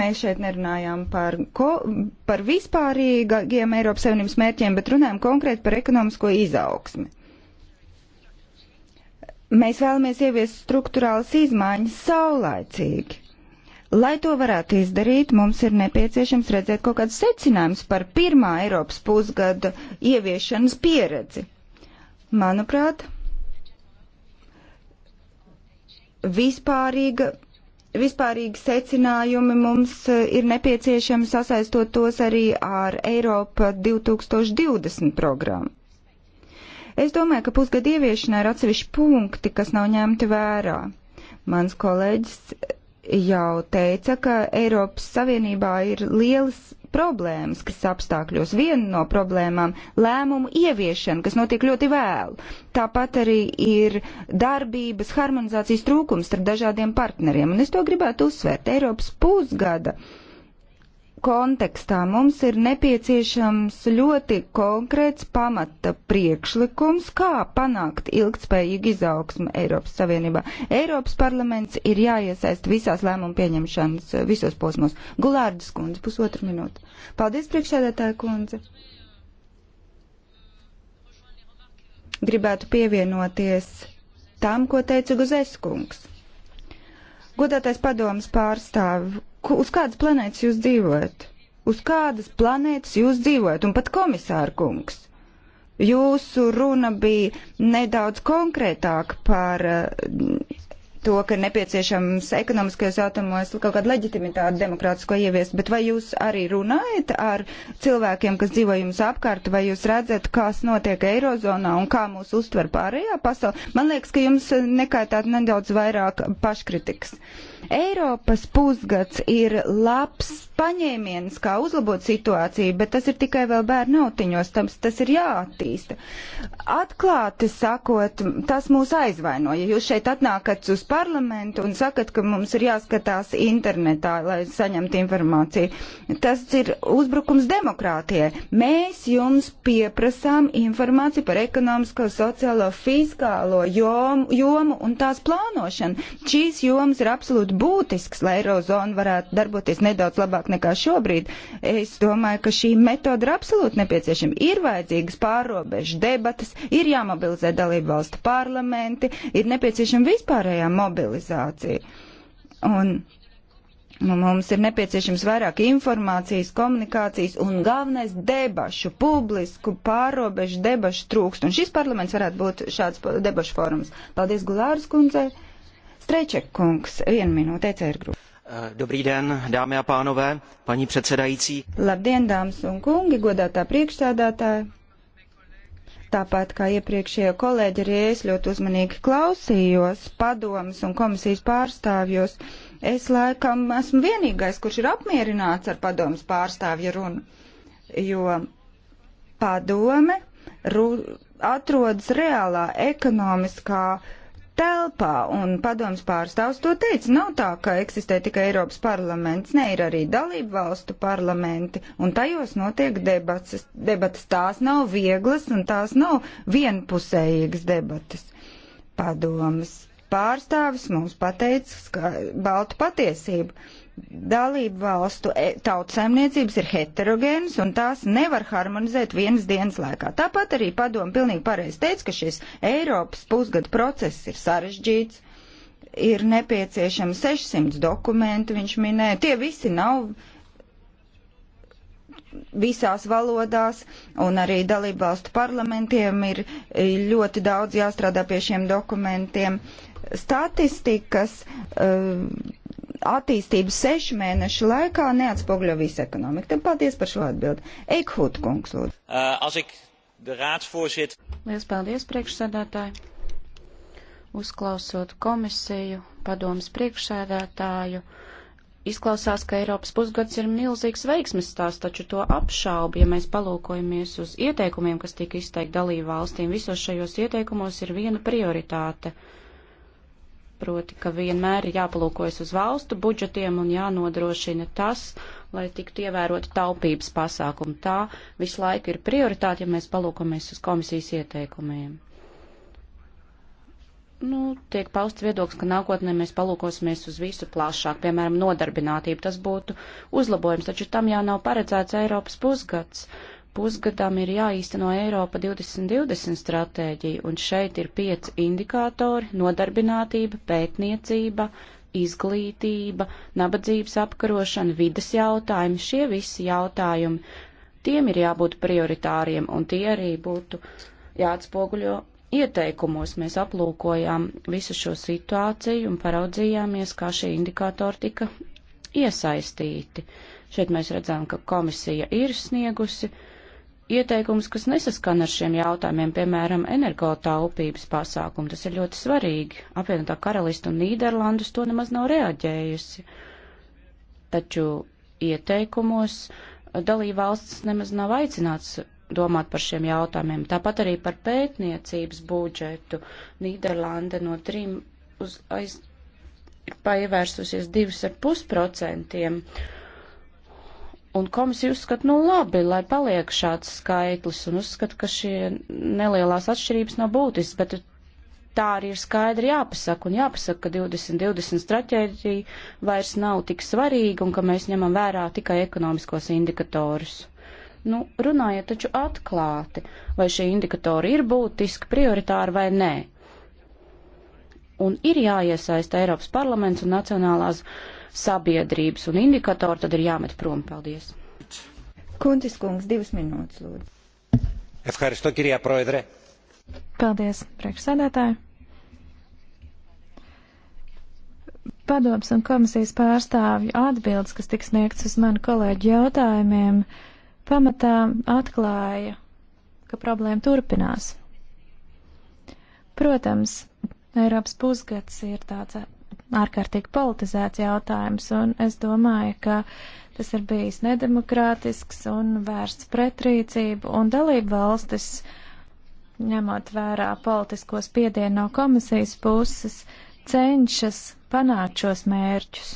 Speaker 1: Mēs šeit nerunājām par, ko, par vispārīgiem Eiropas Savienības mērķiem, bet runājām konkrēti par ekonomisko izaugsmi. Mēs vēlamies ieviest struktūrālas izmaiņas saulaicīgi Lai to varētu izdarīt, mums ir nepieciešams redzēt kaut kāds secinājums par pirmā Eiropas pusgada ieviešanas pieredzi. Manuprāt, vispārīga vispārīgi secinājumi mums eh, ir nepieciešami sasaistot tos arī ar Eiropa 2020 programmu. Es domāju, ka pusgadu ieviešanā ir atsevišķi punkti, kas nav ņemti vērā. Mans kolēģis jau teica, ka Eiropas Savienībā ir lielas problēmas, kas apstākļos. Viena no problēmām - lēmumu ieviešana, kas notiek ļoti vēlu. Tāpat arī ir darbības harmonizācijas trūkums starp dažādiem partneriem. Un es to gribētu uzsvērt. Eiropas pusgada uh, kontekstā mums ir nepieciešams ļoti konkrēts pamata priekšlikums, kā panākt ilgtspējīgu izaugsmu Eiropas Savienībā. Eiropas parlaments ir jāiesaist visās lēmumu pieņemšanas eh, visos posmos. Gulārdas kundze, pusotru minūtu. Paldies, priekšsēdētāja kundze. Gribētu pievienoties tam, ko teica Guzēs kungs. Godātais padomas pārstāvi uz kādas planētas jūs dzīvojat? Uz kādas planētas jūs dzīvojat? Un pat komisāra kungs. Jūsu runa bija nedaudz konkrētāka par eh, to, ka nepieciešams ekonomiskajos jautājumos kaut kāda leģitimitāte demokrātisko ieviest, bet vai jūs arī runājat ar cilvēkiem, kas dzīvo jums apkārt, vai jūs redzat, kas notiek Eirozonā un kā mūs uztver pārējā pasaule? Man liekas, ka jums nekaitāt nedaudz vairāk paškritikas. Uh, Eiropas pusgads ir labs paņēmiens, kā uzlabot situāciju, bet tas ir tikai vēl bērnu autiņos, tas, tas ir jāattīsta. Atklāti sakot, tas mūs aizvaino. Ja jūs šeit atnākat uz parlamentu un sakat, ka mums ir jāskatās internetā, lai saņemtu informāciju, tas ir uzbrukums demokrātijai. Mēs jums pieprasām informāciju par ekonomisko, sociālo, fiskālo jomu, jomu un tās plānošanu. Šīs jomas ir absolūti būtisks, lai Eirozona varētu darboties nedaudz labāk nekā šobrīd, es domāju, ka šī metoda ir absolūti nepieciešama. Ir vajadzīgas pārobežu debatas, ir jāmobilizē dalību valstu parlamenti, ir nepieciešama vispārējā mobilizācija. Un nu, Mums ir nepieciešams vairāk informācijas, komunikācijas un galvenais debašu, publisku pārobežu debašu trūkst. Un šis parlaments varētu būt šāds debašu forums. Paldies Gulāras kundzei. Streček kungs, vienu minūti, ECR grupa. Eh, dobrý den, dámy a pánové, paní předsedající. Labdien, dāmas un kungi, godātā priekšsēdētāja. Tāpat kā iepriekšējie kolēģi, arī es ļoti uzmanīgi klausījos padomas un komisijas pārstāvjos. Es laikam esmu vienīgais, kurš ir apmierināts ar padomas pārstāvju runu, jo padome ru, atrodas reālā ekonomiskā uh, telpā, un padoms pārstāvs to teica, nav tā, ka eksistē tikai Eiropas parlaments, ne, ir arī dalību valstu parlamenti, un tajos notiek debatas, debatas tās nav vieglas, un tās nav vienpusējīgas debatas. Padomas pārstāvis mums pateica, ka baltu patiesību dalību valstu e, tautsaimniecības ir heterogēnas un tās nevar harmonizēt vienas dienas laikā. Tāpat arī padomu pilnīgi pareizi teica, ka šis Eiropas pusgada process ir sarežģīts, ir nepieciešami 600 dokumenti, viņš minēja. Tie visi nav visās valodās, un arī dalību valstu parlamentiem ir ļoti daudz jāstrādā pie šiem dokumentiem. Statistikas uh, attīstību sešu mēnešu laikā neatspogļo visu ekonomiku. Tad paldies par šo atbildi. Eikhut kungs, lūdzu. Uh, Lielas paldies,
Speaker 3: priekšsēdētāji. Uzklausot komisiju, padomas priekšsēdētāju, izklausās, ka Eiropas pusgads ir milzīgs veiksmes stāsts, taču to apšaubu, ja mēs palūkojamies uz ieteikumiem, kas tika izteikti dalību valstīm. Visos šajos ieteikumos ir viena prioritāte. Uh, proti, ka vienmēr ir jāpalūkojas uz valstu budžetiem un jānodrošina tas, lai tiktu ievērota taupības pasākuma. Tā visu laiku ir prioritāte, ja mēs palūkojamies uz komisijas ieteikumiem. Nu, tiek pausts viedoklis, ka nākotnē mēs palūkosimies uz visu plašāk, piemēram, nodarbinātību. Tas būtu uzlabojums, taču tam jau nav paredzēts Eiropas pusgads. Uh, pusgadam ir jāīsteno Eiropa 2020 stratēģija, un šeit ir pieci indikātori - nodarbinātība, pētniecība, izglītība, nabadzības apkarošana, vidas jautājumi. Šie visi jautājumi, tiem ir jābūt prioritāriem, un tie arī būtu jāatspoguļo ieteikumos. Mēs aplūkojām visu šo situāciju un paraudzījāmies, kā šie indikātori tika iesaistīti. Šeit mēs redzam, ka komisija ir sniegusi uh, ieteikumus, kas nesaskan ar šiem jautājumiem, piemēram, energotaupības pasākumu. Tas ir ļoti svarīgi. Apvienotā karalista un Nīderlandus to nemaz nav reaģējusi. Taču ieteikumos dalībvalsts nemaz nav aicināts domāt par šiem jautājumiem. Tāpat arī par pētniecības budžetu. Nīderlanda no trim uz aiz ir pievērsusies 2,5%. Un komisija uzskata, nu labi, lai paliek šāds skaitlis un uzskata, ka šie nelielās atšķirības nav būtisks, bet tā arī ir skaidri jāpasaka un jāpasaka, ka 2020 stratēģija vairs nav tik svarīga un ka mēs ņemam vērā tikai ekonomiskos indikatorus. Nu, runājiet taču atklāti, vai šie indikatori ir būtiski, prioritāri vai nē. Un ir jāiesaista Eiropas parlaments un nacionālās uh, sabiedrības un indikatori tad ir jāmet prom. Paldies! Kuntis kungs, divas minūtes, lūdzu. Efharisto, Kirijā Proedre.
Speaker 2: Paldies, priekšsēdētāji. Padoms un komisijas pārstāvju atbildes, kas tiks sniegts uz manu kolēģu jautājumiem, pamatā atklāja, ka problēma turpinās. Protams, Eiropas pusgads ir tāds ārkārtīgi politizēts jautājums, un es domāju, ka tas ir bijis nedemokrātisks un vērsts pretrīcību, un dalību valstis, ņemot vērā politisko spiedienu no komisijas puses, cenšas panākt šos mērķus.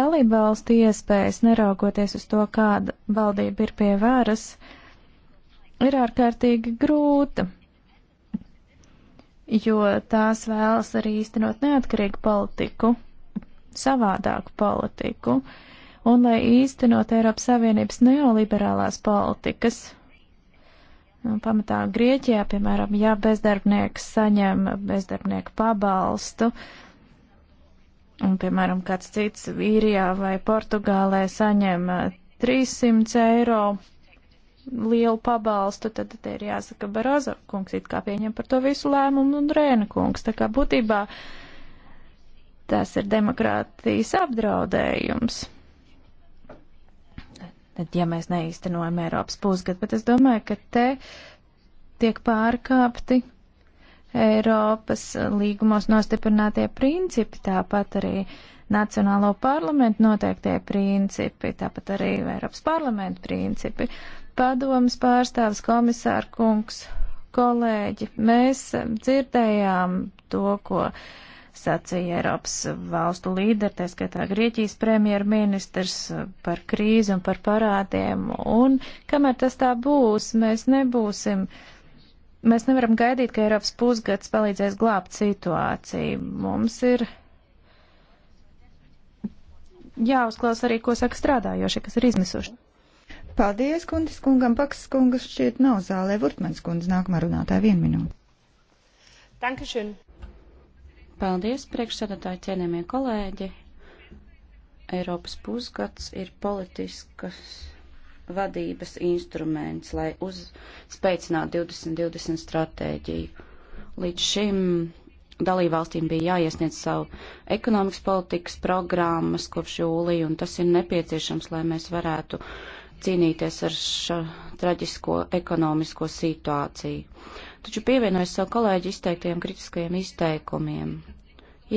Speaker 2: Dalību valstu iespējas, neraugoties uz to, kāda valdība ir pie varas, ir ārkārtīgi grūta jo tās vēlas arī īstenot neatkarīgu politiku, savādāku politiku, un lai īstenot Eiropas Savienības neoliberālās politikas. Nu, pamatā Grieķijā, piemēram, ja bezdarbnieks saņem bezdarbnieku pabalstu, un, piemēram, kāds cits īrijā vai Portugālē saņem 300 eh, eiro lielu pabalstu, tad te ir jāsaka Barozo kungs, it kā pieņem par to visu lēmumu un Rēna kungs. Tā kā būtībā tas ir demokrātijas apdraudējums. Tad, ja mēs neīstenojam Eiropas pusgadu, bet es domāju, ka te tiek pārkāpti Eiropas līgumos nostiprinātie principi, tāpat arī Nacionālo parlamentu noteiktie principi, tāpat arī Eiropas parlamentu principi padomas pārstāvs komisāra kungs, kolēģi, mēs um, dzirdējām to, ko sacīja Eiropas valstu līderi, tā skaitā Grieķijas premjerministrs uh, par krīzi un par parādiem. Un kamēr tas tā būs, mēs nebūsim. Mēs nevaram gaidīt, ka Eiropas pusgads palīdzēs glābt situāciju. Mums ir jāuzklaus arī, ko
Speaker 1: saka strādājošie, kas ir izmisuši. Paldies, kundis kungam. Paks kungas šķiet nav zālē. Vurtmens kundis nākamā runātāja vienu minūti. Dankeschön.
Speaker 3: Paldies, priekšsēdētāji, cienījamie kolēģi. Eiropas pusgads ir politiskas vadības instruments, lai uzspēcinātu 2020 stratēģiju. Līdz šim dalībvalstīm bija jāiesniedz savu ekonomikas politikas programmas kopš jūlija, un tas ir nepieciešams, lai mēs varētu uh, cīnīties ar šo traģisko ekonomisko situāciju. Taču pievienojas savu kolēģi izteiktiem kritiskajiem izteikumiem.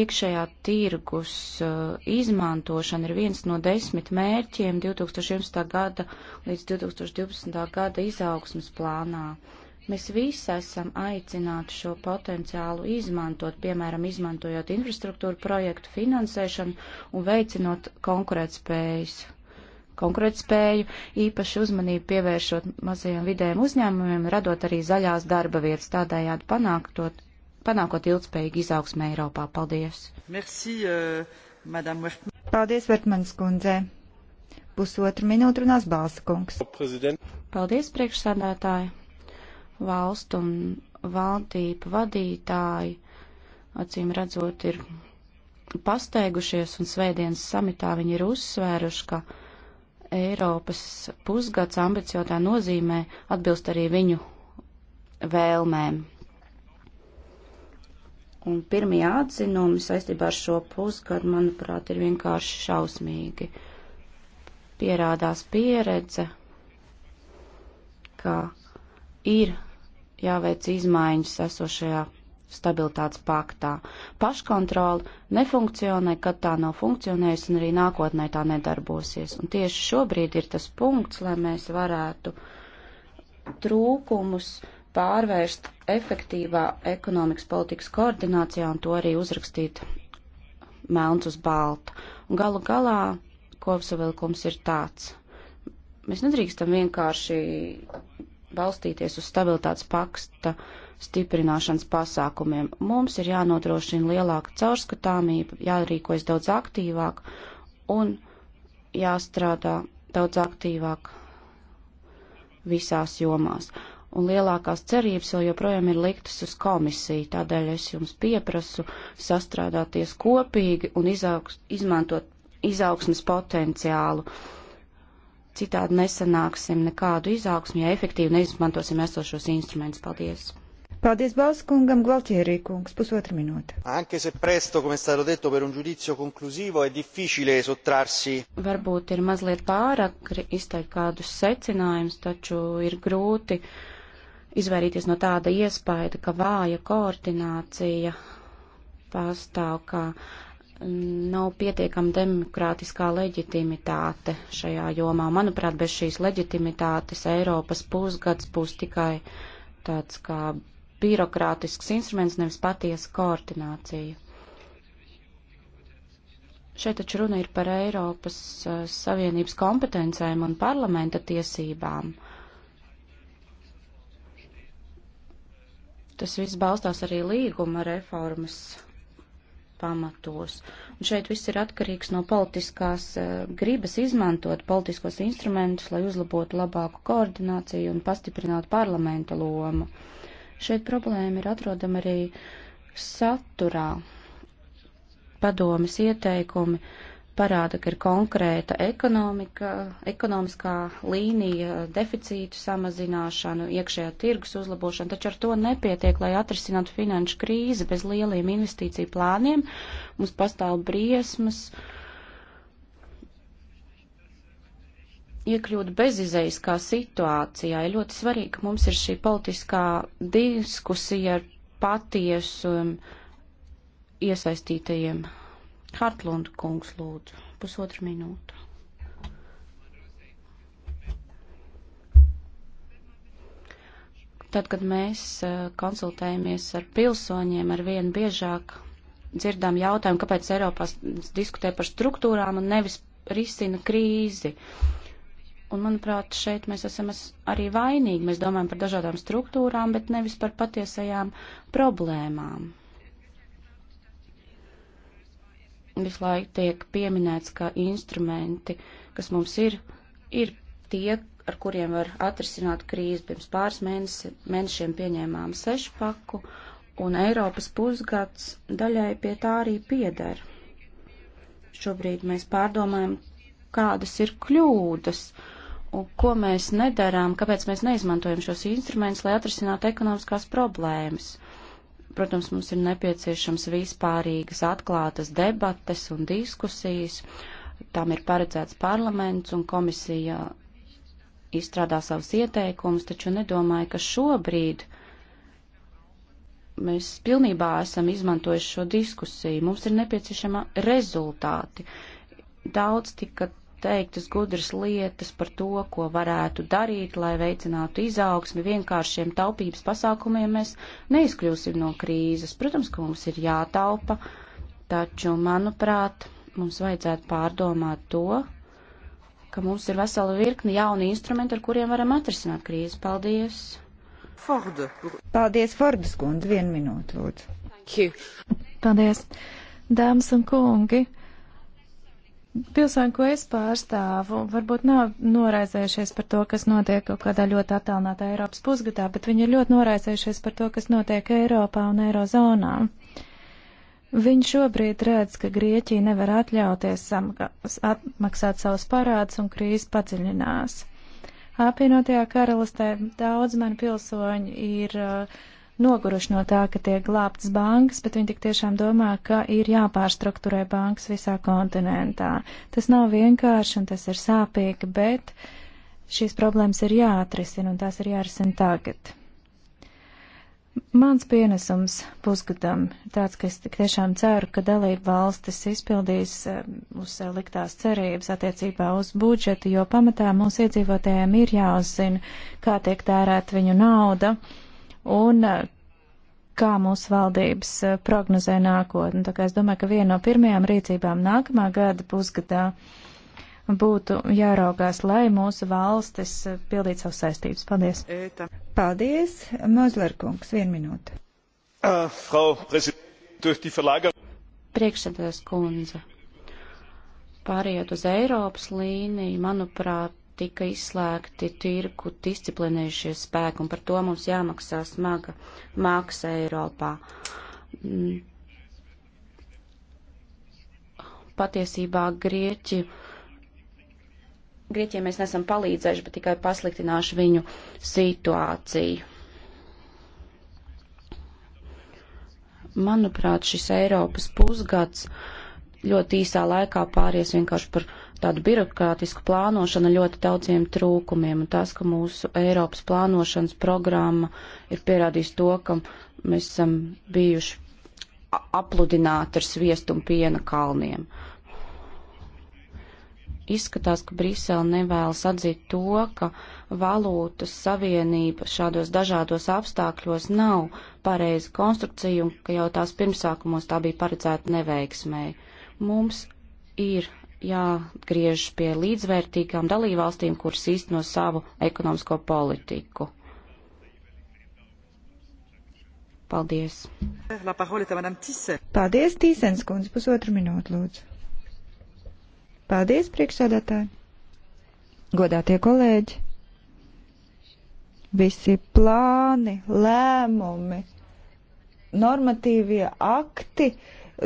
Speaker 3: Iekšējā tirgus uh, izmantošana ir viens no desmit mērķiem 2011. gada līdz 2012. gada izaugsmas plānā. Mēs visi esam aicināti šo potenciālu izmantot, piemēram, izmantojot infrastruktūru projektu finansēšanu un veicinot konkurētspējas konkurētspēju, īpaši uzmanību pievēršot mazajiem vidējiem uzņēmumiem, radot arī zaļās darba vietas, tādējādi panāktot, panākot ilgspējīgu izaugsmē
Speaker 1: Eiropā. Paldies!
Speaker 3: Merci, uh,
Speaker 1: Paldies, Vertmanis kundze! Pusotru minūtu runās Balsa kungs. Paldies, priekšsādātāji!
Speaker 3: Valstu un valdību vadītāji, acīm redzot, ir pasteigušies un svētdienas samitā viņi ir uzsvēruši, ka Eiropas pusgads ambiciotā nozīmē atbilst arī viņu vēlmēm. Un pirmie atzinumi saistībā ar šo pusgadu, manuprāt, ir vienkārši šausmīgi. Pierādās pieredze, ka ir jāveic izmaiņas esošajā stabilitātes paktā. Paškontrola nefunkcionē, kad tā nav funkcionējusi un arī nākotnē tā nedarbosies. Un tieši šobrīd ir tas punkts, lai mēs varētu trūkumus pārvērst efektīvā ekonomikas politikas koordinācijā un to arī uzrakstīt melns uz balta. Un galu galā kopsavilkums ir tāds. Mēs nedrīkstam vienkārši balstīties uz stabilitātes paksta uh, stiprināšanas pasākumiem. Mums ir jānodrošina lielāka caurskatāmība, jārīkojas daudz aktīvāk un jāstrādā daudz aktīvāk visās jomās. Un lielākās cerības vēl joprojām ir liktas uz komisiju, tādēļ es jums pieprasu sastrādāties kopīgi un izaugs, izmantot izaugsmas potenciālu. Citādi nesanāksim nekādu izaugsmu, ja efektīvi neizmantosim esošos
Speaker 1: instrumentus. Paldies! Paldies Balskungam, Gvaltierī kungs, pusotra minūte.
Speaker 3: Anche se presto, come stato detto, per un giudizio conclusivo è difficile sottrarsi. Varbūt ir mazliet pārāk izteikt kādus secinājumus, taču ir grūti izvairīties no tāda iespēja, ka vāja koordinācija pastāv, ka nav pietiekama demokrātiskā leģitimitāte šajā jomā. Manuprāt, bez šīs leģitimitātes Eiropas pusgads būs tikai tāds kā birokrātisks instruments, nevis patiesa koordinācija. Šeit taču runa ir par Eiropas eh, Savienības kompetencēm un parlamenta tiesībām. Tas viss balstās arī līguma reformas pamatos. Un šeit viss ir atkarīgs no politiskās eh, gribas izmantot politiskos instrumentus, lai uzlabotu labāku koordināciju un pastiprinātu parlamenta lomu. Uh, Šeit problēma ir atrodama arī saturā. Padomis ieteikumi parāda, ka ir konkrēta ekonomika, ekonomiskā līnija, deficītu samazināšanu, iekšējā tirgus uzlabošanu, taču ar to nepietiek, lai atrisinātu finanšu krīzi bez lieliem investīciju plāniem. Mums pastāv briesmas. Uh, iekļūt bezizejiskā situācijā. Ir ļoti svarīgi, ka mums ir šī politiskā diskusija ar patiesu um, iesaistītajiem. Hartlund kungs lūdzu, pusotru minūtu. Tad, kad mēs uh, konsultējamies ar pilsoņiem, ar vienu biežāk dzirdām jautājumu, kāpēc Eiropā diskutē par struktūrām un nevis risina krīzi. Uh, Un, manuprāt, šeit mēs esam arī vainīgi. Mēs domājam par dažādām struktūrām, bet nevis par patiesajām problēmām. Visu laiku tiek pieminēts, ka instrumenti, kas mums ir, ir tie, ar kuriem var atrisināt krīzi. Pirms pāris mēnesi, mēnešiem pieņēmām sešu paku, un Eiropas pusgads daļai pie tā arī pieder. Šobrīd mēs pārdomājam, kādas ir kļūdas, uh, un ko mēs nedarām, kāpēc mēs neizmantojam šos instrumentus, lai atrisinātu ekonomiskās problēmas. Protams, mums ir nepieciešams vispārīgas atklātas debates un diskusijas. Tām ir paredzēts parlaments un komisija izstrādā savus ieteikumus, taču nedomāju, ka šobrīd mēs pilnībā esam izmantojuši šo diskusiju. Mums ir nepieciešama rezultāti. Daudz tika teiktas gudras lietas par to, ko varētu darīt, lai veicinātu izaugsmi. Vienkāršiem taupības pasākumiem mēs neizkļūsim no krīzes. Protams, ka mums ir jātaupa, taču, manuprāt, mums vajadzētu pārdomāt to, ka mums ir vesela virkni jauni instrumenti, ar kuriem varam atrisināt krīzi. Paldies! Forda. Paldies, Fordas
Speaker 1: kundze, vienu minūtu, lūdzu.
Speaker 2: Paldies! Dāmas un kungi! Pilsēņi, ko es pārstāvu, varbūt nav noraizējušies par to, kas notiek kaut kādā ļoti attālinātā Eiropas pusgadā, bet viņi ir ļoti noraizējušies par to, kas notiek Eiropā un Eirozonā. Viņi šobrīd redz, ka Grieķija nevar atļauties atmaksāt savus parādus un krīze padziļinās. Apvienotajā karalistē daudz mani pilsoņi ir uh, noguruši no tā, ka tiek glābtas bankas, bet viņi tik tiešām domā, ka ir jāpārstruktūrē bankas visā kontinentā. Tas nav vienkārši un tas ir sāpīgi, bet šīs problēmas ir jāatrisina un tās ir jārisina tagad. Mans pienesums pusgadam tāds, ka es tiešām ceru, ka dalība valstis izpildīs eh, uz sev liktās cerības attiecībā uz budžetu, jo pamatā mūsu iedzīvotājiem ir jāuzzina, kā tiek tērēt viņu nauda. Uh, un uh, kā mūsu valdības uh, prognozē nākotni. Tā kā es domāju, ka viena no pirmajām rīcībām nākamā gada pusgadā būtu jāraugās, lai mūsu valstis uh, pildītu savas saistības. Paldies! Eta. Paldies,
Speaker 3: Mozlerkungs, vienu minūtu.
Speaker 1: Uh, Frau Präsidentin,
Speaker 3: Priekšsēdētājs kundze, pāriet uz Eiropas līniju, manuprāt, tika izslēgti tirku disciplinējušie spēki, un par to mums jāmaksā smaga māksla Eiropā. Mm. Patiesībā Grieķi, Grieķiem mēs nesam palīdzējuši, bet tikai pasliktināšu viņu situāciju. Manuprāt, šis Eiropas pusgads ļoti īsā laikā pāries vienkārši par tādu birokrātisku plānošanu ļoti daudziem trūkumiem, un tas, ka mūsu Eiropas plānošanas programma ir pierādījis to, ka mēs esam bijuši apludināti ar sviestu un piena kalniem. Izskatās, ka Brisele nevēlas atzīt to, ka valūtas savienība šādos dažādos apstākļos nav pareiza konstrukcija un ka jau tās pirmsākumos tā bija paredzēta neveiksmēji. Mums ir jāgriež pie līdzvērtīgām dalībvalstīm, kuras īsteno savu ekonomisko politiku.
Speaker 1: Paldies. Paldies, Tīsens kundze, pusotru minūtu lūdzu. Paldies, priekšsādātāji. Godātie kolēģi. Visi plāni, lēmumi, normatīvie akti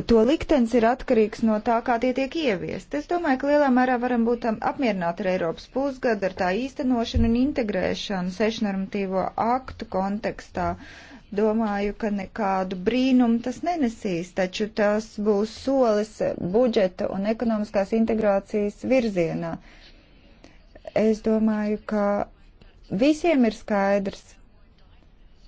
Speaker 1: to liktenis ir atkarīgs no tā, kā tie tiek ieviest. Es domāju, ka lielā mērā varam būt apmierināti ar Eiropas pusgadu, ar tā īstenošanu un integrēšanu sešnormatīvo aktu kontekstā. Domāju, ka nekādu brīnumu tas nenesīs, taču tas būs solis budžeta un ekonomiskās integrācijas virzienā. Es domāju, ka visiem ir skaidrs,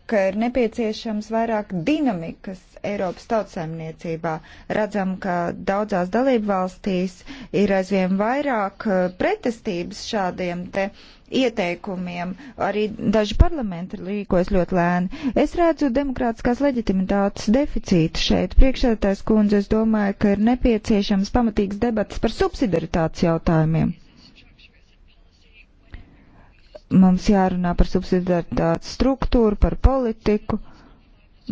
Speaker 1: ka ir nepieciešams vairāk dinamikas Eiropas tautsēmniecībā. Redzam, ka daudzās dalību valstīs ir aizvien vairāk eh, pretestības šādiem te ieteikumiem. Arī daži parlamenti rīkojas ļoti lēni. Es redzu demokrātiskās leģitimitātes deficītu šeit. Priekšsēdētājs kundze, es domāju, ka ir nepieciešams pamatīgs debats par subsidaritātes jautājumiem. Mums jārunā par subsidiaritātes struktūru, par politiku.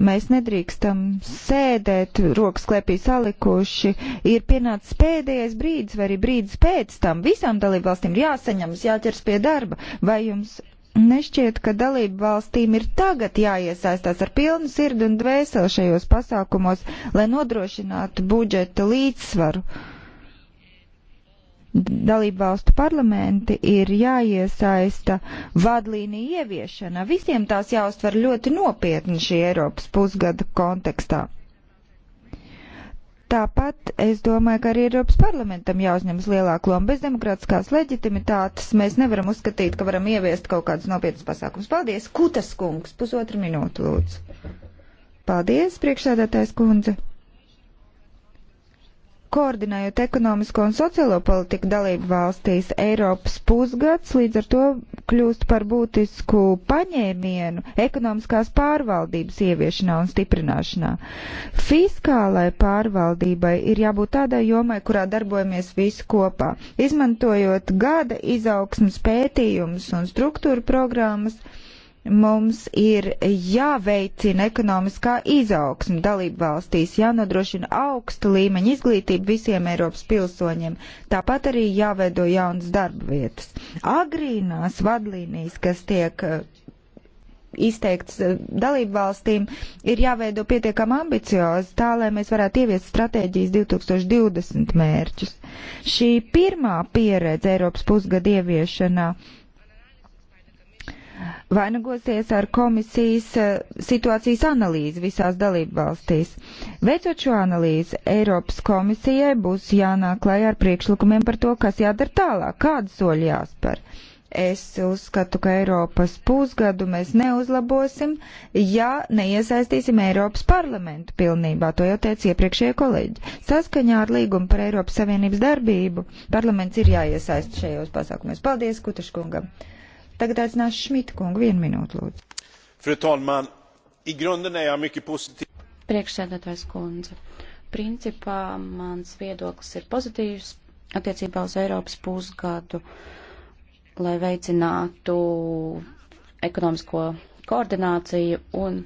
Speaker 1: Mēs nedrīkstam sēdēt, rokas klēpī salikuši. Ir pienācis pēdējais brīdis, vai arī brīdis pēc tam. Visām dalībvalstīm ir jāsaņemas, jāķers pie darba. Vai jums nešķiet, ka dalību valstīm ir tagad jāiesaistās ar pilnu sirdi un dvēseli šajos pasākumos, lai nodrošinātu budžeta līdzsvaru dalību valstu parlamenti ir jāiesaista vadlīnija ieviešanā. Visiem tās jāuztver ļoti nopietni šī Eiropas pusgada kontekstā. Tāpat es domāju, ka arī Eiropas parlamentam jāuzņemas lielāka loma. Bez demokrātiskās leģitimitātes mēs nevaram uzskatīt, ka varam ieviest kaut kādus nopietnus pasākumus. Paldies, Kutas kungs, pusotru minūtu lūdzu. Paldies, priekšsēdētājs kundze koordinējot ekonomisko un sociālo politiku dalību valstīs, Eiropas pusgads līdz ar to kļūst par būtisku paņēmienu ekonomiskās pārvaldības ieviešanā un stiprināšanā. Fiskālai pārvaldībai ir jābūt tādai jomai, kurā darbojamies visi kopā. Izmantojot gada izaugsmas pētījumus un struktūra programmas, Mums ir jāveicina ekonomiskā izaugsme dalību valstīs, jānodrošina augsta līmeņa izglītība visiem Eiropas pilsoņiem, tāpat arī jāveido jaunas darba vietas. Agrīnās vadlīnijas, kas tiek eh, izteikts eh, dalību valstīm, ir jāveido pietiekami ambiciozi, tā lai mēs varētu ieviest stratēģijas 2020 mērķus. Šī pirmā pieredze Eiropas pusgada ieviešanā vainagosies ar komisijas eh, situācijas analīzi visās dalību valstīs. Veicot šo analīzi, Eiropas komisijai būs jānāk klajā ar priekšlikumiem par to, kas jādara tālāk, kādu soļu jāspēr. Es uzskatu, ka Eiropas pusgadu mēs neuzlabosim, ja neiesaistīsim Eiropas parlamentu pilnībā, to jau teica iepriekšējie kolēģi. Saskaņā ar līgumu par Eiropas Savienības darbību parlaments ir jāiesaist šajos pasākumos. Paldies, Kutaškungam! Tagad aicināšu Šmita kungu vienu minūtu lūdzu. Fru talman, i grunden är jag mycket positiv. Priekšsēdētājs kundze.
Speaker 3: Principā mans viedoklis ir pozitīvs attiecībā uz Eiropas pusgadu, lai veicinātu ekonomisko koordināciju un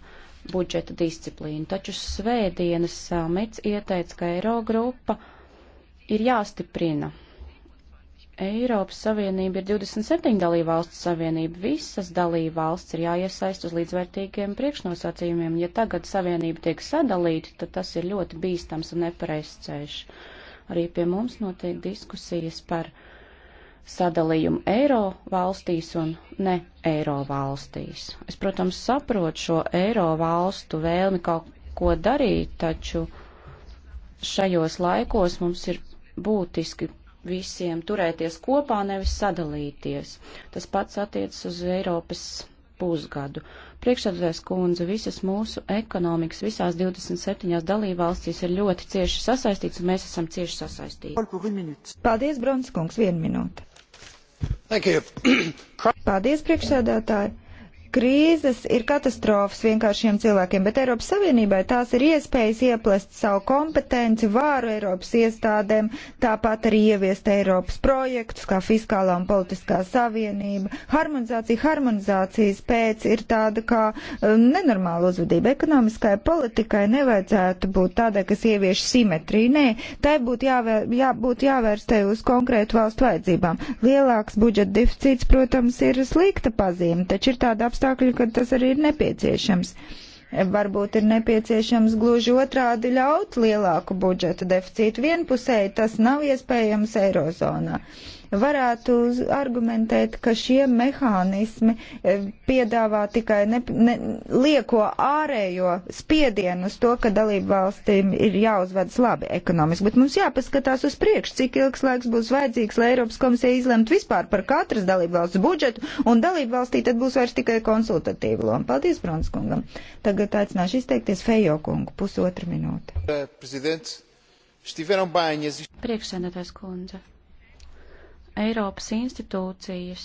Speaker 3: budžeta disciplīnu. Taču svētdienas samits ieteica, ka Eirogrupa ir jāstiprina Eiropas Savienība ir 27 dalībvalstu savienība. Visas dalībvalsts ir jāiesaist uz līdzvērtīgiem priekšnosacījumiem. Ja tagad savienība tiek sadalīta, tad tas ir ļoti bīstams un nepareizs ceļš. Arī pie mums notiek diskusijas par sadalījumu eiro valstīs un ne eiro valstīs. Es, protams, saprotu šo eiro valstu vēlmi kaut ko darīt, taču šajos laikos mums ir būtiski visiem turēties kopā, nevis sadalīties. Tas pats attiecas uz Eiropas pusgadu. Priekšsēdētājs kundze, visas mūsu ekonomikas visās 27 dalībvalstīs ir ļoti cieši sasaistīts, un mēs esam cieši
Speaker 1: sasaistīti. Paldies, Bronskungs, vienu minūti. Paldies, priekšsēdētāji. Krīzes ir katastrofas vienkāršiem cilvēkiem, bet Eiropas Savienībai tās ir iespējas ieplest savu kompetenci, vāru Eiropas iestādēm, tāpat arī ieviest Eiropas projektus, kā fiskālā un politiskā savienība. Harmonizācija harmonizācijas pēc ir tāda kā um, nenormāla uzvedība. Ekonomiskai politikai nevajadzētu būt tādai, kas ievieš simetriju. Nē, tai būtu jāvēr, jā, būt jāvērstē uz konkrētu valstu vajadzībām. Lielāks budžeta deficīts, protams, ir slikta pazīme, taču ir tāda apstākļa apstākļi, kad tas arī ir nepieciešams. Varbūt ir nepieciešams gluži otrādi ļaut lielāku budžeta deficītu vienpusēji, tas nav iespējams Eirozonā. Uh, varētu argumentēt, ka šie mehānismi eh, piedāvā tikai ne, ne, lieko ārējo spiedienu uz to, ka dalību valstīm ir jāuzvedas labi ekonomiski. Bet mums jāpaskatās uz priekšu, cik ilgs laiks būs vajadzīgs, lai Eiropas komisija izlemt vispār par katras dalību valsts budžetu, un dalību valstī tad būs vairs tikai konsultatīva loma. Paldies, Bronskungam. Tagad aicināšu izteikties Fejo kungu pusotra minūte.
Speaker 3: Priekšsēdētājs kundze. Eiropas institūcijas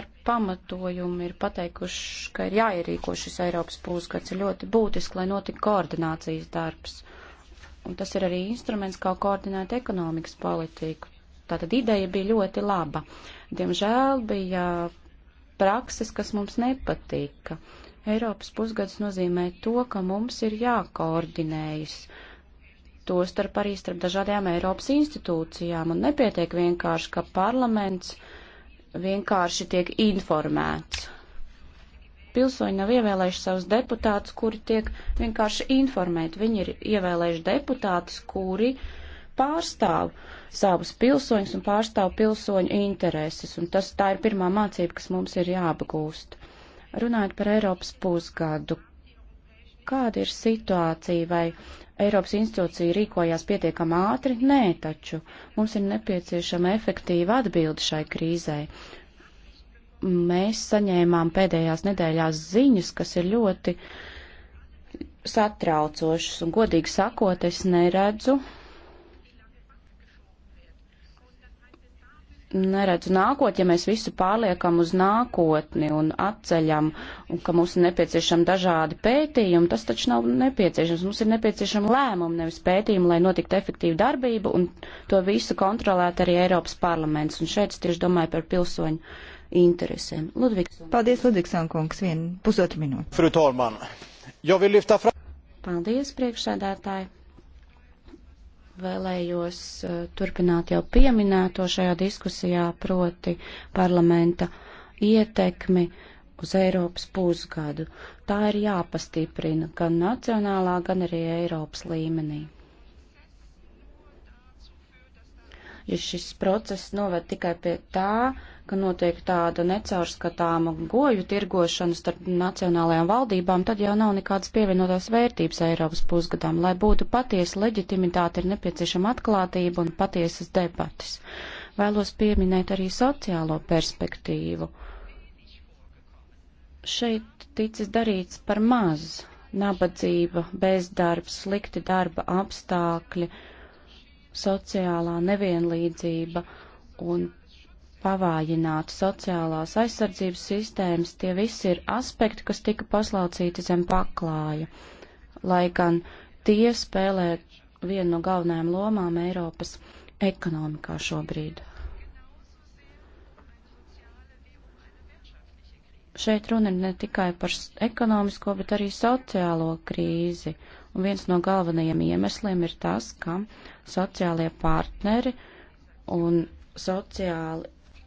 Speaker 3: ar pamatojumu ir pateikuši, ka ir jāierīko šis Eiropas pusgads, ir ļoti būtiski, lai notika koordinācijas darbs. Un tas ir arī instruments, kā koordinēt ekonomikas politiku. Tātad ideja bija ļoti laba. Diemžēl bija prakses, kas mums nepatika. Eiropas pusgads nozīmē to, ka mums ir jākoordinējas. Uh, tostarp arī starp dažādajām Eiropas institūcijām, un nepietiek vienkārši, ka parlaments vienkārši tiek informēts. Pilsoņi nav ievēlējuši savus deputātus, kuri tiek vienkārši informēti. Viņi ir ievēlējuši deputātus, kuri pārstāv savus pilsoņus un pārstāv pilsoņu intereses, un tas tā ir pirmā mācība, kas mums ir jāapgūst. Runājot par Eiropas pusgadu, Kāda ir situācija vai Eiropas institūcija rīkojās pietiekam ātri? Nē, taču mums ir nepieciešama efektīva atbildi šai krīzē. Mēs saņēmām pēdējās nedēļās ziņas, kas ir ļoti satraucošas, un godīgi sakot, es neredzu neredzu nākotni, ja mēs visu pārliekam uz nākotni un atceļam, un ka mums ir nepieciešami dažādi pētījumi, tas taču nav nepieciešams. Mums ir nepieciešama lēmuma, nevis pētījuma, lai notiktu efektīva darbība, un to visu kontrolēt arī Eiropas parlaments. Un šeit es tieši domāju par pilsoņu interesēm. Ludvigs. Paldies, Ludvigsan kungs, vien
Speaker 1: pusotru minūti. Fru Tolman, jau vēl liftā fra.
Speaker 3: Paldies, priekšsēdētāji vēlējos eh, turpināt jau pieminēto šajā diskusijā, proti parlamenta ietekmi uz Eiropas pusgadu. Tā ir jāpastiprina gan nacionālā, gan arī Eiropas līmenī. ja šis process noved tikai pie tā, ka notiek tāda necaurskatāma goju tirgošana starp nacionālajām valdībām, tad jau nav nekādas pievienotās vērtības Eiropas pusgadām. Lai būtu patiesa leģitimitāte, ir nepieciešama atklātība un patiesas debatas. Vēlos pieminēt arī sociālo perspektīvu. Šeit ticis darīts par maz nabadzība, bezdarbs, slikti darba apstākļi sociālā nevienlīdzība un pavājināta sociālās aizsardzības sistēmas, tie visi ir aspekti, kas tika paslaucīti zem paklāja, lai gan tie spēlē vienu no galvenajām lomām Eiropas ekonomikā šobrīd. Šeit runa ir ne tikai par ekonomisko, bet arī sociālo krīzi, un viens no galvenajiem iemesliem ir tas, ka sociālie partneri un sociāli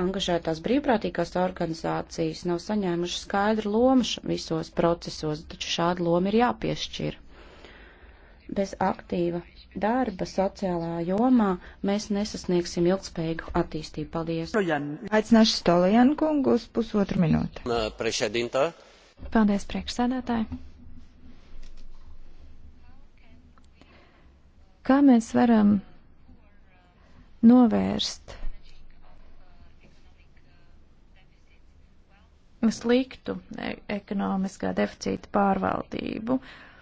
Speaker 3: angažētās brīvprātīgās organizācijas nav saņēmuši skaidru lomu visos procesos, taču šāda loma ir jāpiešķir. Bez aktīva darba sociālā jomā mēs nesasniegsim
Speaker 1: ilgspējīgu attīstību. Paldies! Aicināšu Stolijan kungu uz pusotru minūti. Prešedintā. Paldies, priekšsēdētāji!
Speaker 2: Kā mēs varam novērst sliktu e-, ekonomiskā deficīta pārvaldību? Uh,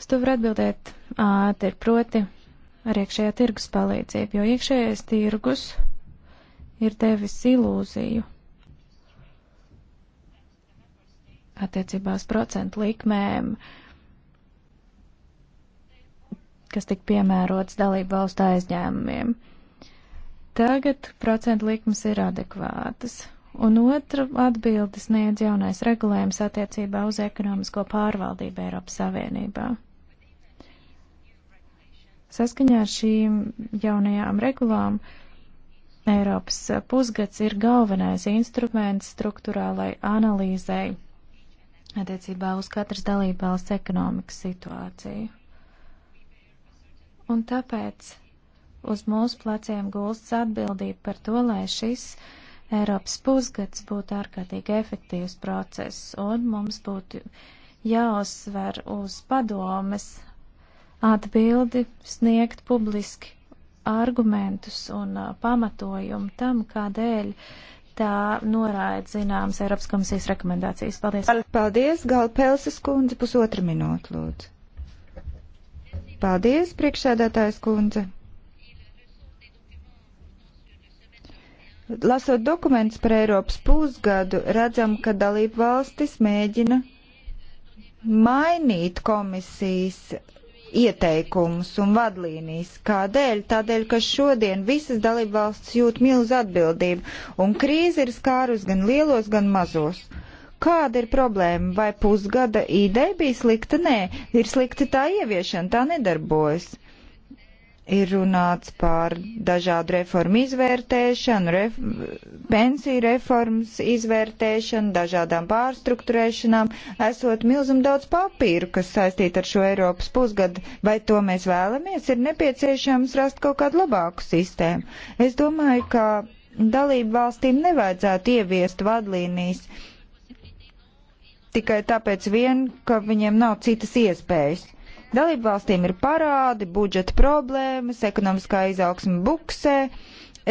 Speaker 2: Uz to var atbildēt ātri, proti ar iekšējā tirgus palīdzību, jo iekšējais tirgus ir devis ilūziju attiecībās procentu likmēm, kas tik piemērots dalību valstu aizņēmumiem. Tagad procentu likmes ir adekvātas, un otra atbildi sniedz jaunais regulējums attiecībā uz ekonomisko pārvaldību Eiropas Savienībā. Saskaņā ar šīm jaunajām regulām Eiropas pusgads ir galvenais instruments struktūrālai analīzei attiecībā uz katras dalībvalsts ekonomikas situāciju. Un tāpēc uz mūsu pleciem gulsts atbildība par to, lai šis uh, Eiropas pusgads būtu ārkārtīgi efektīvs process, un mums būtu jāuzsver uz padomes atbildi sniegt publiski argumentus un uh, pamatojumu tam, kādēļ tā noraida
Speaker 1: zināmas Eiropas komisijas rekomendācijas. Paldies. Paldies, Gala Pelses kundze, pusotra minūte, lūdzu. Paldies, priekšsēdētājs kundze. Lasot dokumentus par Eiropas pusgadu, redzam, ka dalību valstis mēģina mainīt komisijas ieteikumus un vadlīnijas. Kādēļ? Tādēļ, ka šodien visas dalību valstis jūt milzu atbildību, un krīze ir skārus gan lielos, gan mazos. Kāda ir problēma? Vai pusgada ideja bija slikta? Nē, ir slikta tā ieviešana, tā nedarbojas ir runāts par dažādu reformu izvērtēšanu, ref, pensiju reformas izvērtēšanu, dažādām pārstruktūrēšanām, esot milzum daudz papīru, kas saistīta ar šo Eiropas pusgadu. Vai to mēs vēlamies, ir nepieciešams rast kaut kādu labāku sistēmu. Es domāju, ka dalību valstīm nevajadzētu ieviest vadlīnijas tikai tāpēc vien, ka viņiem nav citas iespējas Dalību valstīm ir parādi, budžeta problēmas, ekonomiskā izaugsme buksē.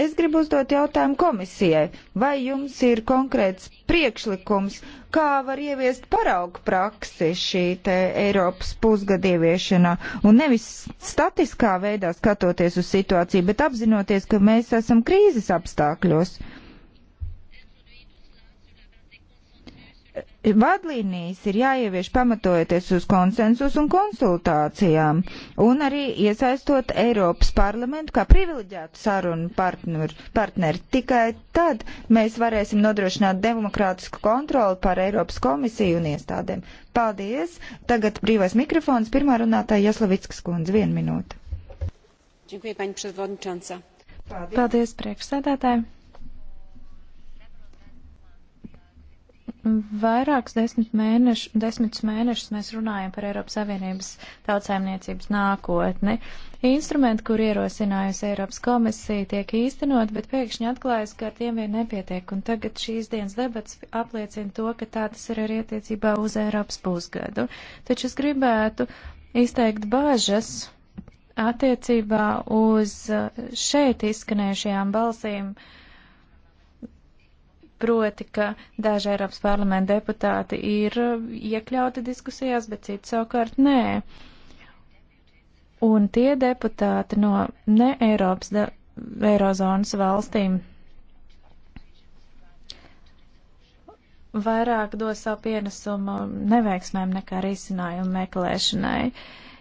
Speaker 1: Es gribu uzdot jautājumu komisijai, vai jums ir konkrēts priekšlikums, kā var ieviest paraugu praksi šī te Eiropas pusgada ieviešanā, un nevis statiskā veidā skatoties uz situāciju, bet apzinoties, ka mēs esam krīzes apstākļos. Uh, Vadlīnijas ir jāievieš pamatojoties uz konsensus un konsultācijām, un arī iesaistot Eiropas parlamentu kā privileģētu sarunu partneri. Partner. Tikai tad mēs varēsim nodrošināt demokrātisku kontroli par Eiropas komisiju un iestādēm. Paldies! Tagad brīvais mikrofons pirmā runātāja Jaslavickas kundze. Vienu minūti.
Speaker 3: Paldies, Paldies
Speaker 1: priekšsēdētāji!
Speaker 2: Vairākus desmit mēnešus, desmitus mēnešus mēs runājam par Eiropas Savienības tautsājumniecības nākotni. Instrumenti, kur ierosinājusi Eiropas komisija, tiek īstenot, bet pēkšņi atklājas, ka ar tiem vien nepietiek. Un tagad šīs dienas debats apliecina to, ka tā tas ir arī attiecībā uz Eiropas pusgadu. Taču es gribētu izteikt bāžas attiecībā uz eh, šeit izskanējušajām balsīm. Uh, proti, ka daži Eiropas parlamenta deputāti ir uh, iekļauti diskusijās, bet citi savukārt nē. Un tie deputāti no ne Eiropas, da, Eirozonas valstīm vairāk dos savu pienesumu neveiksmēm nekā risinājumu meklēšanai. Uh,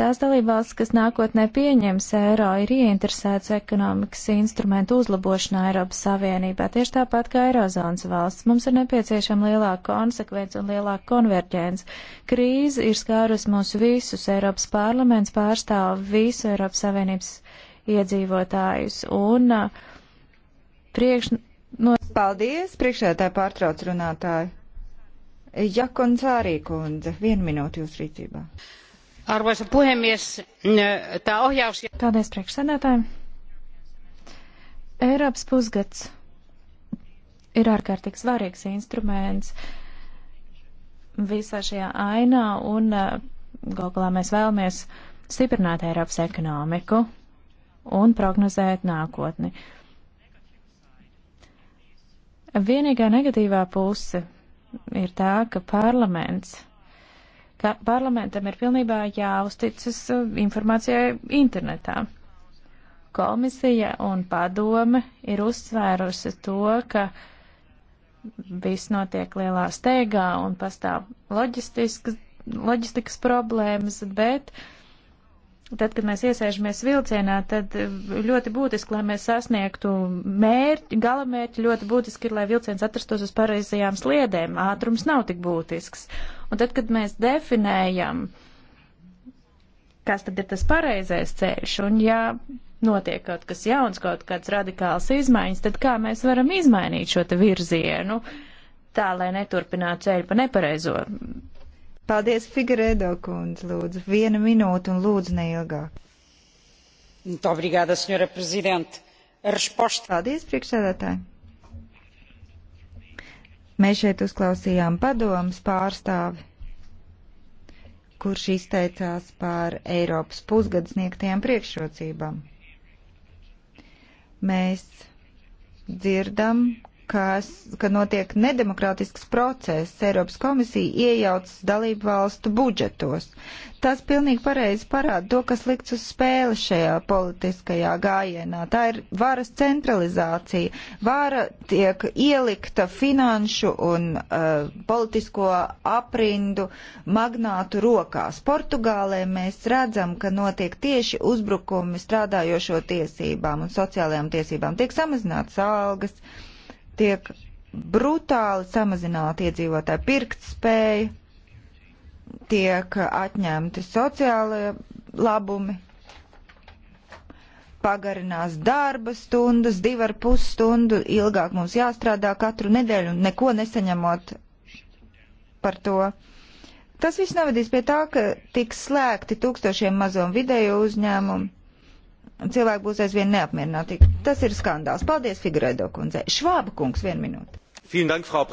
Speaker 2: Tās dalībvalstis, kas nākotnē pieņems eiro, ir ieinteresētas ekonomikas instrumentu uzlabošanā Eiropas Savienībā, tieši tāpat kā Eirozonas valsts. Mums ir nepieciešama lielāka konsekvence un lielāka konverģence. Krīze ir skārus mūs visus. Eiropas parlaments pārstāv visu Eiropas Savienības
Speaker 1: iedzīvotājus. Un uh, priekš... No... Paldies, priekšētāji pārtrauc runātāji. Jakons Ārī kundze, vienu minūti jūs rīcībā. Arvoisa puhemies, tämä ohjaus... Paldies priekšsēdētājiem.
Speaker 2: Eiropas pusgads ir ārkārtīgi svarīgs instruments visā šajā ainā un e, galu galā mēs vēlamies stiprināt Eiropas ekonomiku un prognozēt nākotni. Vienīgā negatīvā puse ir tā, ka parlaments ka parlamentam ir pilnībā jāuzticas uh, informācijai internetā. Komisija un padome ir uzsvērusi to, ka viss notiek lielā steigā un pastāv loģistikas problēmas, bet tad, kad mēs iesēžamies vilcienā, tad uh, ļoti būtiski, lai mēs sasniegtu mērķi, galamērķi, ļoti būtiski ir, lai vilciens atrastos uz pareizajām sliedēm. Ātrums nav tik būtisks. Un tad, kad mēs definējam, kas tad ir tas pareizais ceļš, un ja notiek kaut kas jauns, kaut kāds radikāls izmaiņas, tad kā mēs varam izmainīt šo te virzienu, tā
Speaker 1: lai neturpinātu
Speaker 2: ceļu pa nepareizo.
Speaker 1: Paldies, Figueredo kundze, lūdzu, viena minūte un lūdzu neilgāk.
Speaker 3: Muito obrigada, senhora
Speaker 1: Presidente. A resposta... Paldies, priekšsēdētāji. Mēs šeit uzklausījām padomus pārstāvi, kurš izteicās par Eiropas pusgads sniegtajām priekšrocībām. Mēs dzirdam, kas, ka notiek nedemokrātisks process, Eiropas komisija iejaucas dalību valstu budžetos. Tas pilnīgi pareizi parāda to, kas likts uz spēles šajā politiskajā gājienā. Tā ir varas centralizācija. Vara tiek ielikta finanšu un uh, politisko aprindu magnātu rokās. Portugālē mēs redzam, ka notiek tieši uzbrukumi strādājošo tiesībām un sociālajām tiesībām. Tiek samazināts algas. Uh, tiek brutāli samazināta iedzīvotāja pirktspēja, tiek atņemti sociālie labumi, pagarinās darba stundas, divi ar pus stundu ilgāk mums jāstrādā katru nedēļu un neko nesaņemot par to. Tas viss novedīs pie tā, ka tiks slēgti tūkstošiem mazo un vidēju uzņēmumu cilvēki būs aizvien neapmierinātīgi. Tas ir skandāls. Paldies, Figuraido kundzei. Švāba kungs, vienu minūti. Dank, Frau...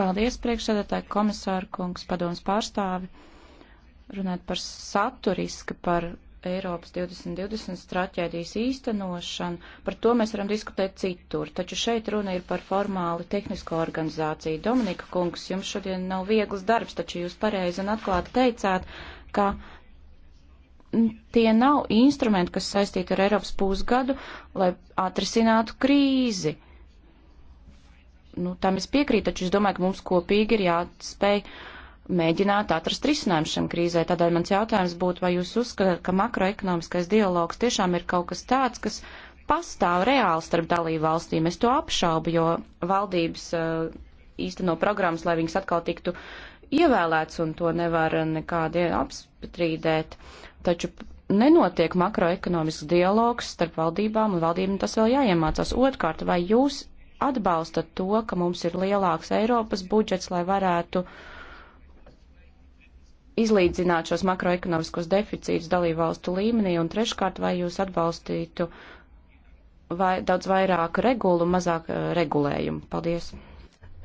Speaker 1: Paldies, priekšsēdētāji komisāra kungs, padoms pārstāvi. Runāt
Speaker 3: par saturiski, par Eiropas 2020 stratēģijas īstenošanu, par to mēs varam diskutēt citur, taču šeit runa ir par formāli tehnisko organizāciju. Dominika kungs, jums šodien nav viegls darbs, taču jūs pareizi un atklāti teicāt, ka tie nav instrumenti, kas saistīti ar Eiropas pusgadu, lai atrisinātu krīzi. Nu, tam es piekrītu, taču es domāju, ka mums kopīgi ir jāspēj mēģināt atrast risinājumu šim krīzē. Tādēļ mans jautājums būtu, vai jūs uzskatāt, ka makroekonomiskais dialogs tiešām ir kaut kas tāds, kas pastāv reāli starp dalību valstīm? Es to apšaubu, jo valdības uh, īsteno programmas, lai viņas atkal tiktu uh, ievēlēts un to nevar nekādi apstrīdēt, taču nenotiek makroekonomisks dialogs starp valdībām un valdībām, tas vēl jāiemācās. Otkārt, vai jūs atbalstat to, ka mums ir lielāks Eiropas budžets, lai varētu izlīdzināt šos makroekonomiskos deficītus dalībvalstu līmenī, un treškārt, vai jūs atbalstītu vai, daudz vairāk regulu, mazāk eh, regulējumu? Paldies!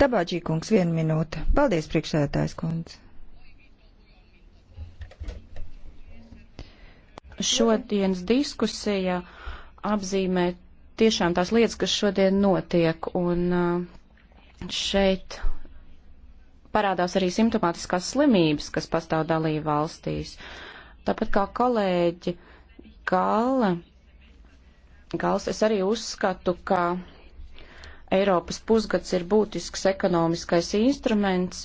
Speaker 1: Tabāģī kungs, viena minūte. Paldies, priekšsēdētājs kundze.
Speaker 3: Šodienas diskusija apzīmē tiešām tās lietas, kas šodien notiek, un uh, šeit parādās arī simptomātiskās slimības, kas pastāv dalību valstīs. Tāpat kā kolēģi Gala, Gals, es arī uzskatu, ka Eiropas pusgads ir būtisks ekonomiskais instruments,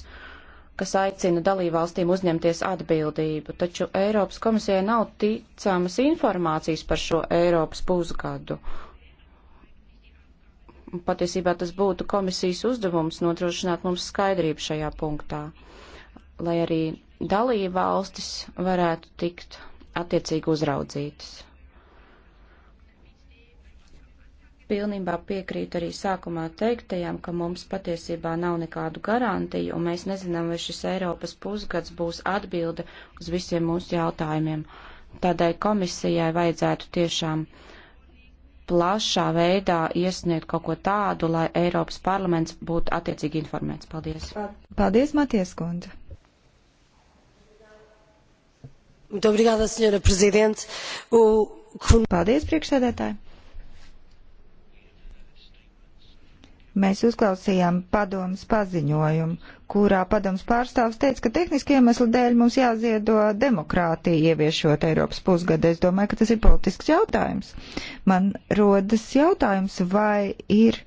Speaker 3: kas aicina dalībvalstīm uzņemties atbildību, taču Eiropas komisijai nav ticamas informācijas par šo Eiropas pusgadu. Patiesībā tas būtu komisijas uzdevums nodrošināt mums skaidrību šajā punktā, lai arī dalībvalstis varētu tikt attiecīgi uzraudzītas. pilnībā piekrītu arī sākumā teiktajam, ka mums patiesībā nav nekādu garantiju, un mēs nezinām, vai šis Eiropas pusgads būs atbilde uz visiem mūsu jautājumiem. Tādēļ komisijai vajadzētu tiešām plašā veidā iesniegt kaut ko tādu, lai Eiropas parlaments būtu attiecīgi informēts.
Speaker 1: Paldies! Paldies, Maties kundze! Muito obrigada, senhora Presidente. O... Paldies, priekšsēdētāji! Mēs uzklausījām padomas paziņojumu, kurā padomas pārstāvs teica, ka tehniski iemesli dēļ mums jāziedo demokrātija ieviešot Eiropas pusgadu. Es domāju, ka tas ir politisks jautājums. Man rodas jautājums, vai ir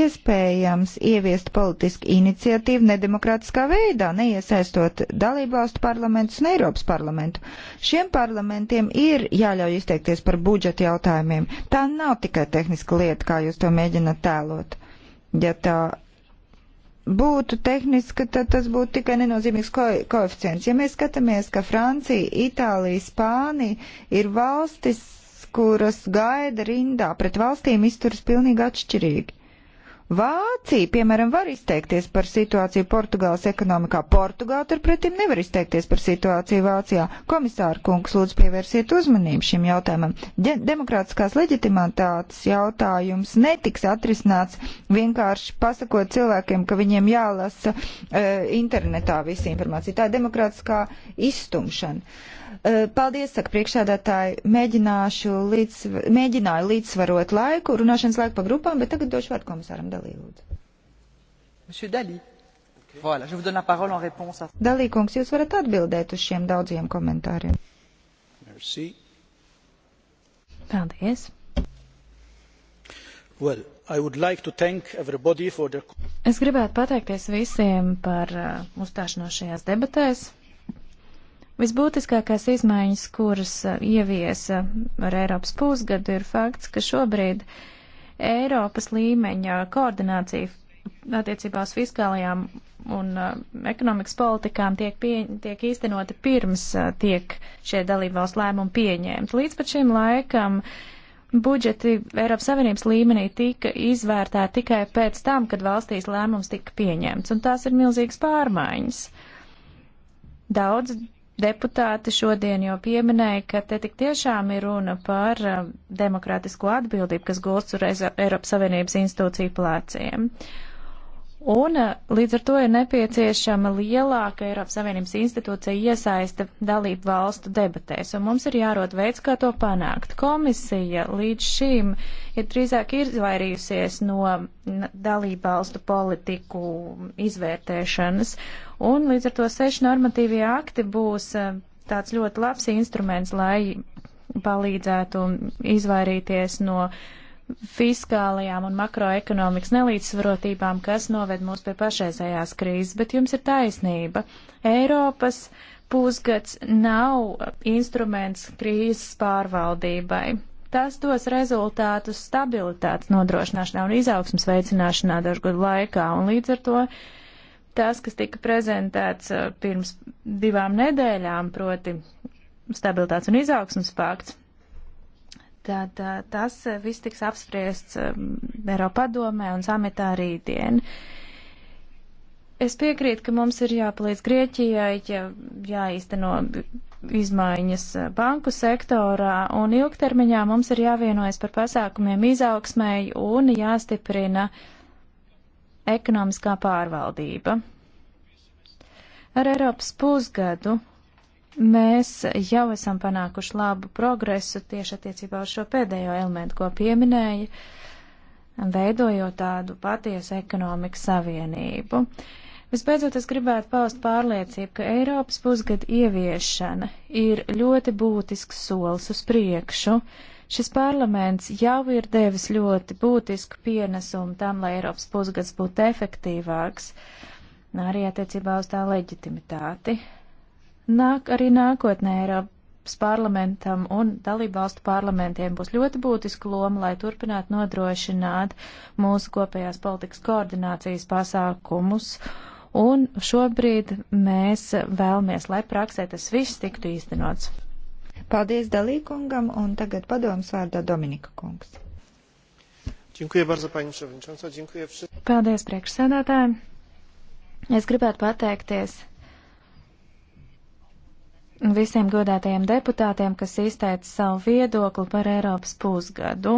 Speaker 1: iespējams ieviest politisku iniciatīvu nedemokrātiskā veidā, neiesaistot dalībvalstu parlamentus un Eiropas parlamentu. Šiem parlamentiem ir jāļauj izteikties par budžeta jautājumiem. Tā nav tikai tehniska lieta, kā jūs to mēģināt tēlot. Ja tā būtu tehniska, tad tas būtu tikai nenozīmīgs ko koeficients. Ja mēs skatāmies, ka Francija, Itālija, Spānija ir valstis, kuras gaida rindā pret valstīm izturas pilnīgi atšķirīgi. Vācija, piemēram, var izteikties par situāciju Portugāles ekonomikā. Portugāla turpretim nevar izteikties par situāciju Vācijā. Komisāra kungs, lūdzu, pievērsiet uzmanību šim jautājumam. De demokrātiskās leģitimitātes jautājums netiks atrisināts vienkārši pasakot cilvēkiem, ka viņiem jālasa e, internetā visi informācija. Tā ir demokrātiskā izstumšana. Eh, paldies, saka priekšsēdētāji. Mēģināšu līdz, mēģināju līdzsvarot laiku, runāšanas laiku pa grupām, bet tagad došu vārdu komisāram Dalī, lūdzu. Monsieur Dalī. Voilà, je vous donne la parole en réponse à... Dalī, kungs, jūs varat atbildēt uz šiem daudziem komentāriem. Merci. Paldies. Well, like their...
Speaker 2: Es gribētu pateikties visiem par uh, uzstāšanos šajās debatēs. Visbūtiskākās izmaiņas, kuras ieviesa ar Eiropas pusgadu, ir fakts, ka šobrīd Eiropas līmeņa koordinācija attiecībā uz fiskālajām un uh, ekonomikas politikām tiek, pie, tiek īstenota pirms uh, tiek šie dalībvalsts lēmumi pieņemti. Līdz pat šim laikam budžeti Eiropas Savienības līmenī tika izvērtēti tikai pēc tam, kad valstīs lēmums tika pieņemts, un tās ir milzīgas pārmaiņas. Daudz deputāti šodien jau pieminēja, ka te tik tiešām ir runa par eh, demokrātisko atbildību, kas gulst uz Eiropas Savienības institūciju plāciem. Un eh, līdz ar to ir nepieciešama lielāka Eiropas Savienības institūcija iesaista dalību valstu debatēs, un mums ir jārod veids, kā to panākt. Komisija līdz šim ir drīzāk izvairījusies no dalību valstu politiku izvērtēšanas, Un līdz ar to seši normatīvie akti būs eh, tāds ļoti labs instruments, lai palīdzētu izvairīties no fiskālajām un makroekonomikas nelīdzsvarotībām, kas noved mūs pie pašreizējās krīzes, bet jums ir taisnība. Eiropas pusgads nav instruments krīzes pārvaldībai tas dos rezultātus stabilitātes nodrošināšanā un izaugsmas veicināšanā dažu gadu laikā, un līdz ar to tas, kas tika prezentēts uh, pirms divām nedēļām, proti stabilitātes un izaugsmas pakts, tad uh, tas uh, viss tiks apspriests um, Eiropadomē un samitā rītdien. Es piekrītu, ka mums ir jāpalīdz Grieķijai, ja jāīsteno izmaiņas banku sektorā, un ilgtermiņā mums ir jāvienojas par pasākumiem izaugsmēji un jāstiprina uh, ekonomiskā pārvaldība. Ar Eiropas pusgadu mēs jau esam panākuši labu progresu tieši attiecībā uz šo pēdējo elementu, ko pieminēja, veidojot tādu patiesu ekonomikas savienību. Visbeidzot, es gribētu paust pārliecību, ka Eiropas pusgada ieviešana ir ļoti būtisks solis uz priekšu. Uh, Šis parlaments jau ir devis ļoti būtisku pienesumu tam, lai Eiropas pusgads būtu efektīvāks, arī attiecībā uz tā leģitimitāti. Nāk arī nākotnē Eiropas parlamentam un dalībvalstu parlamentiem būs ļoti būtiska loma, lai turpinātu nodrošināt mūsu kopējās politikas koordinācijas pasākumus un šobrīd mēs vēlamies, lai praksē tas viss tiktu
Speaker 1: īstenots. Paldies Dalīkungam un tagad padomas vārdā Dominika kungs. Paldies priekšsēdētājiem.
Speaker 2: Es gribētu pateikties visiem godātajiem deputātiem, kas izteica savu viedokli par Eiropas pusgadu.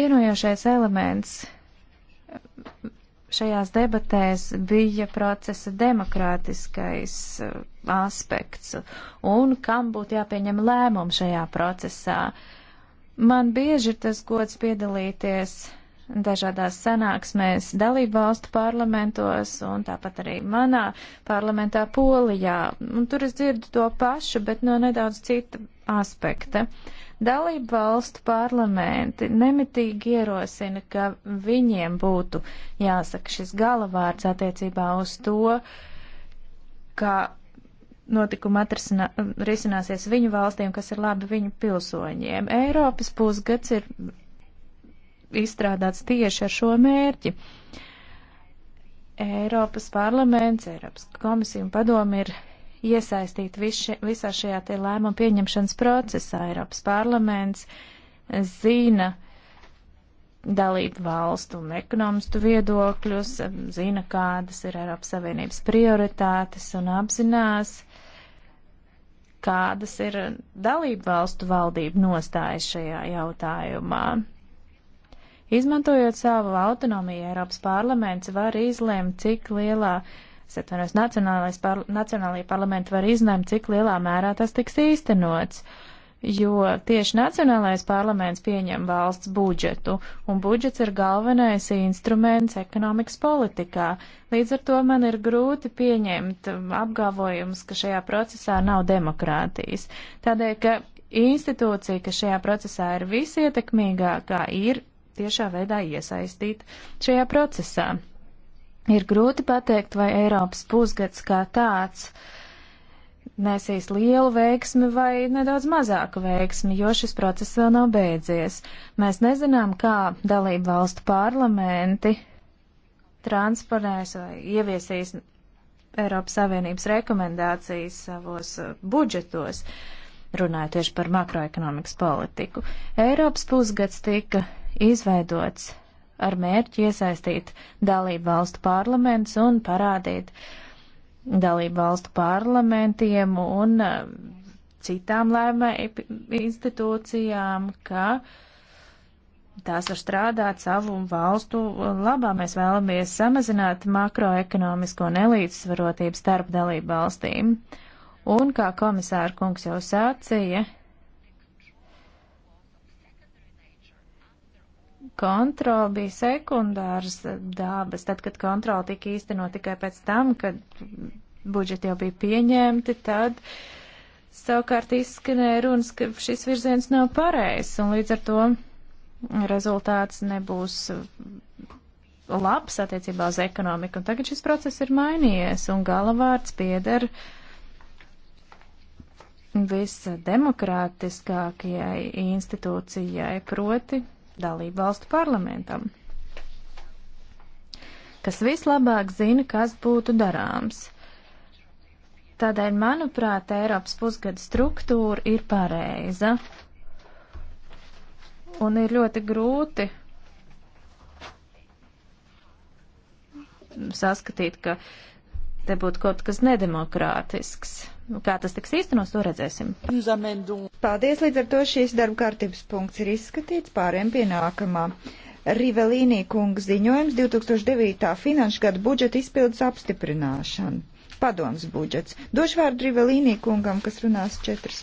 Speaker 2: Vienojošais elements šajās debatēs bija procesa demokrātiskais eh, aspekts un kam būtu jāpieņem lēmumu šajā procesā. Man bieži ir tas gods piedalīties dažādās sanāksmēs dalību valstu parlamentos un tāpat arī manā parlamentā Polijā. Un tur es dzirdu to pašu, bet no nedaudz cita aspekta. Uh, Dalību valstu parlamenti nemitīgi ierosina, ka viņiem būtu jāsaka šis galavārds attiecībā uz to, ka notikuma atrasinā, risināsies viņu valstīm, kas ir labi viņu pilsoņiem. Eiropas pusgads ir izstrādāts tieši ar šo mērķi. Eiropas parlaments, Eiropas komisija un padomi ir iesaistīt viši, visā šajā te lēmuma pieņemšanas procesā. Eiropas parlaments zina dalību valstu un ekonomistu viedokļus, zina, kādas ir Eiropas Savienības prioritātes un apzinās, kādas ir dalību valstu valdību nostājas šajā jautājumā. Izmantojot savu autonomiju, Eiropas parlaments var izlemt, cik lielā uh, Es atvainojos, nacionālajie parlamenti var izlemt, cik lielā mērā tas tiks īstenots, jo tieši nacionālais parlaments pieņem valsts budžetu, un budžets ir galvenais instruments ekonomikas politikā. Līdz ar to man ir grūti pieņemt apgalvojumus, ka šajā procesā nav demokrātijas. Tādēļ, ka institūcija, kas šajā procesā ir visietekmīgākā, ir tiešā veidā iesaistīta šajā procesā. Ir grūti pateikt, vai Eiropas pusgads kā tāds nesīs lielu veiksmi vai nedaudz mazāku veiksmi, jo šis process vēl nav beidzies. Mēs nezinām, kā dalību valstu parlamenti transponēs vai ieviesīs Eiropas Savienības rekomendācijas savos uh, budžetos, runājot tieši par makroekonomikas politiku. Eiropas pusgads tika izveidots ar mērķi iesaistīt dalību valstu parlaments un parādīt dalību valstu parlamentiem un um, citām lēmē institūcijām, ka tās var strādāt savu valstu labā. Mēs vēlamies samazināt makroekonomisko nelīdzsvarotību starp dalību valstīm. Un, kā komisāra kungs jau sācīja, kontrola bija sekundāras dabas, tad, kad kontrola tika īstenot tikai pēc tam, kad budžeti jau bija pieņemti, tad savukārt izskanēja runas, ka šis virziens nav pareizs, un līdz ar to rezultāts nebūs labs attiecībā uz ekonomiku. Un tagad šis process ir mainījies, un galavārds pieder visdemokrātiskākajai institūcijai, proti dalību valstu parlamentam, kas vislabāk zina, kas būtu darāms. Tādēļ, manuprāt, Eiropas pusgada struktūra ir pareiza un ir ļoti grūti saskatīt, ka te būtu kaut kas nedemokrātisks. Nu, kā tas tiks īstenos, to redzēsim.
Speaker 1: Paldies, līdz ar to šīs darba kārtības punkts ir izskatīts pāriem pie nākamā. Rivelīnī kunga ziņojums 2009. finanšu gada budžeta izpildes apstiprināšana. Padoms budžets. Došu vārdu Rivelīnī kungam, kas runās četras.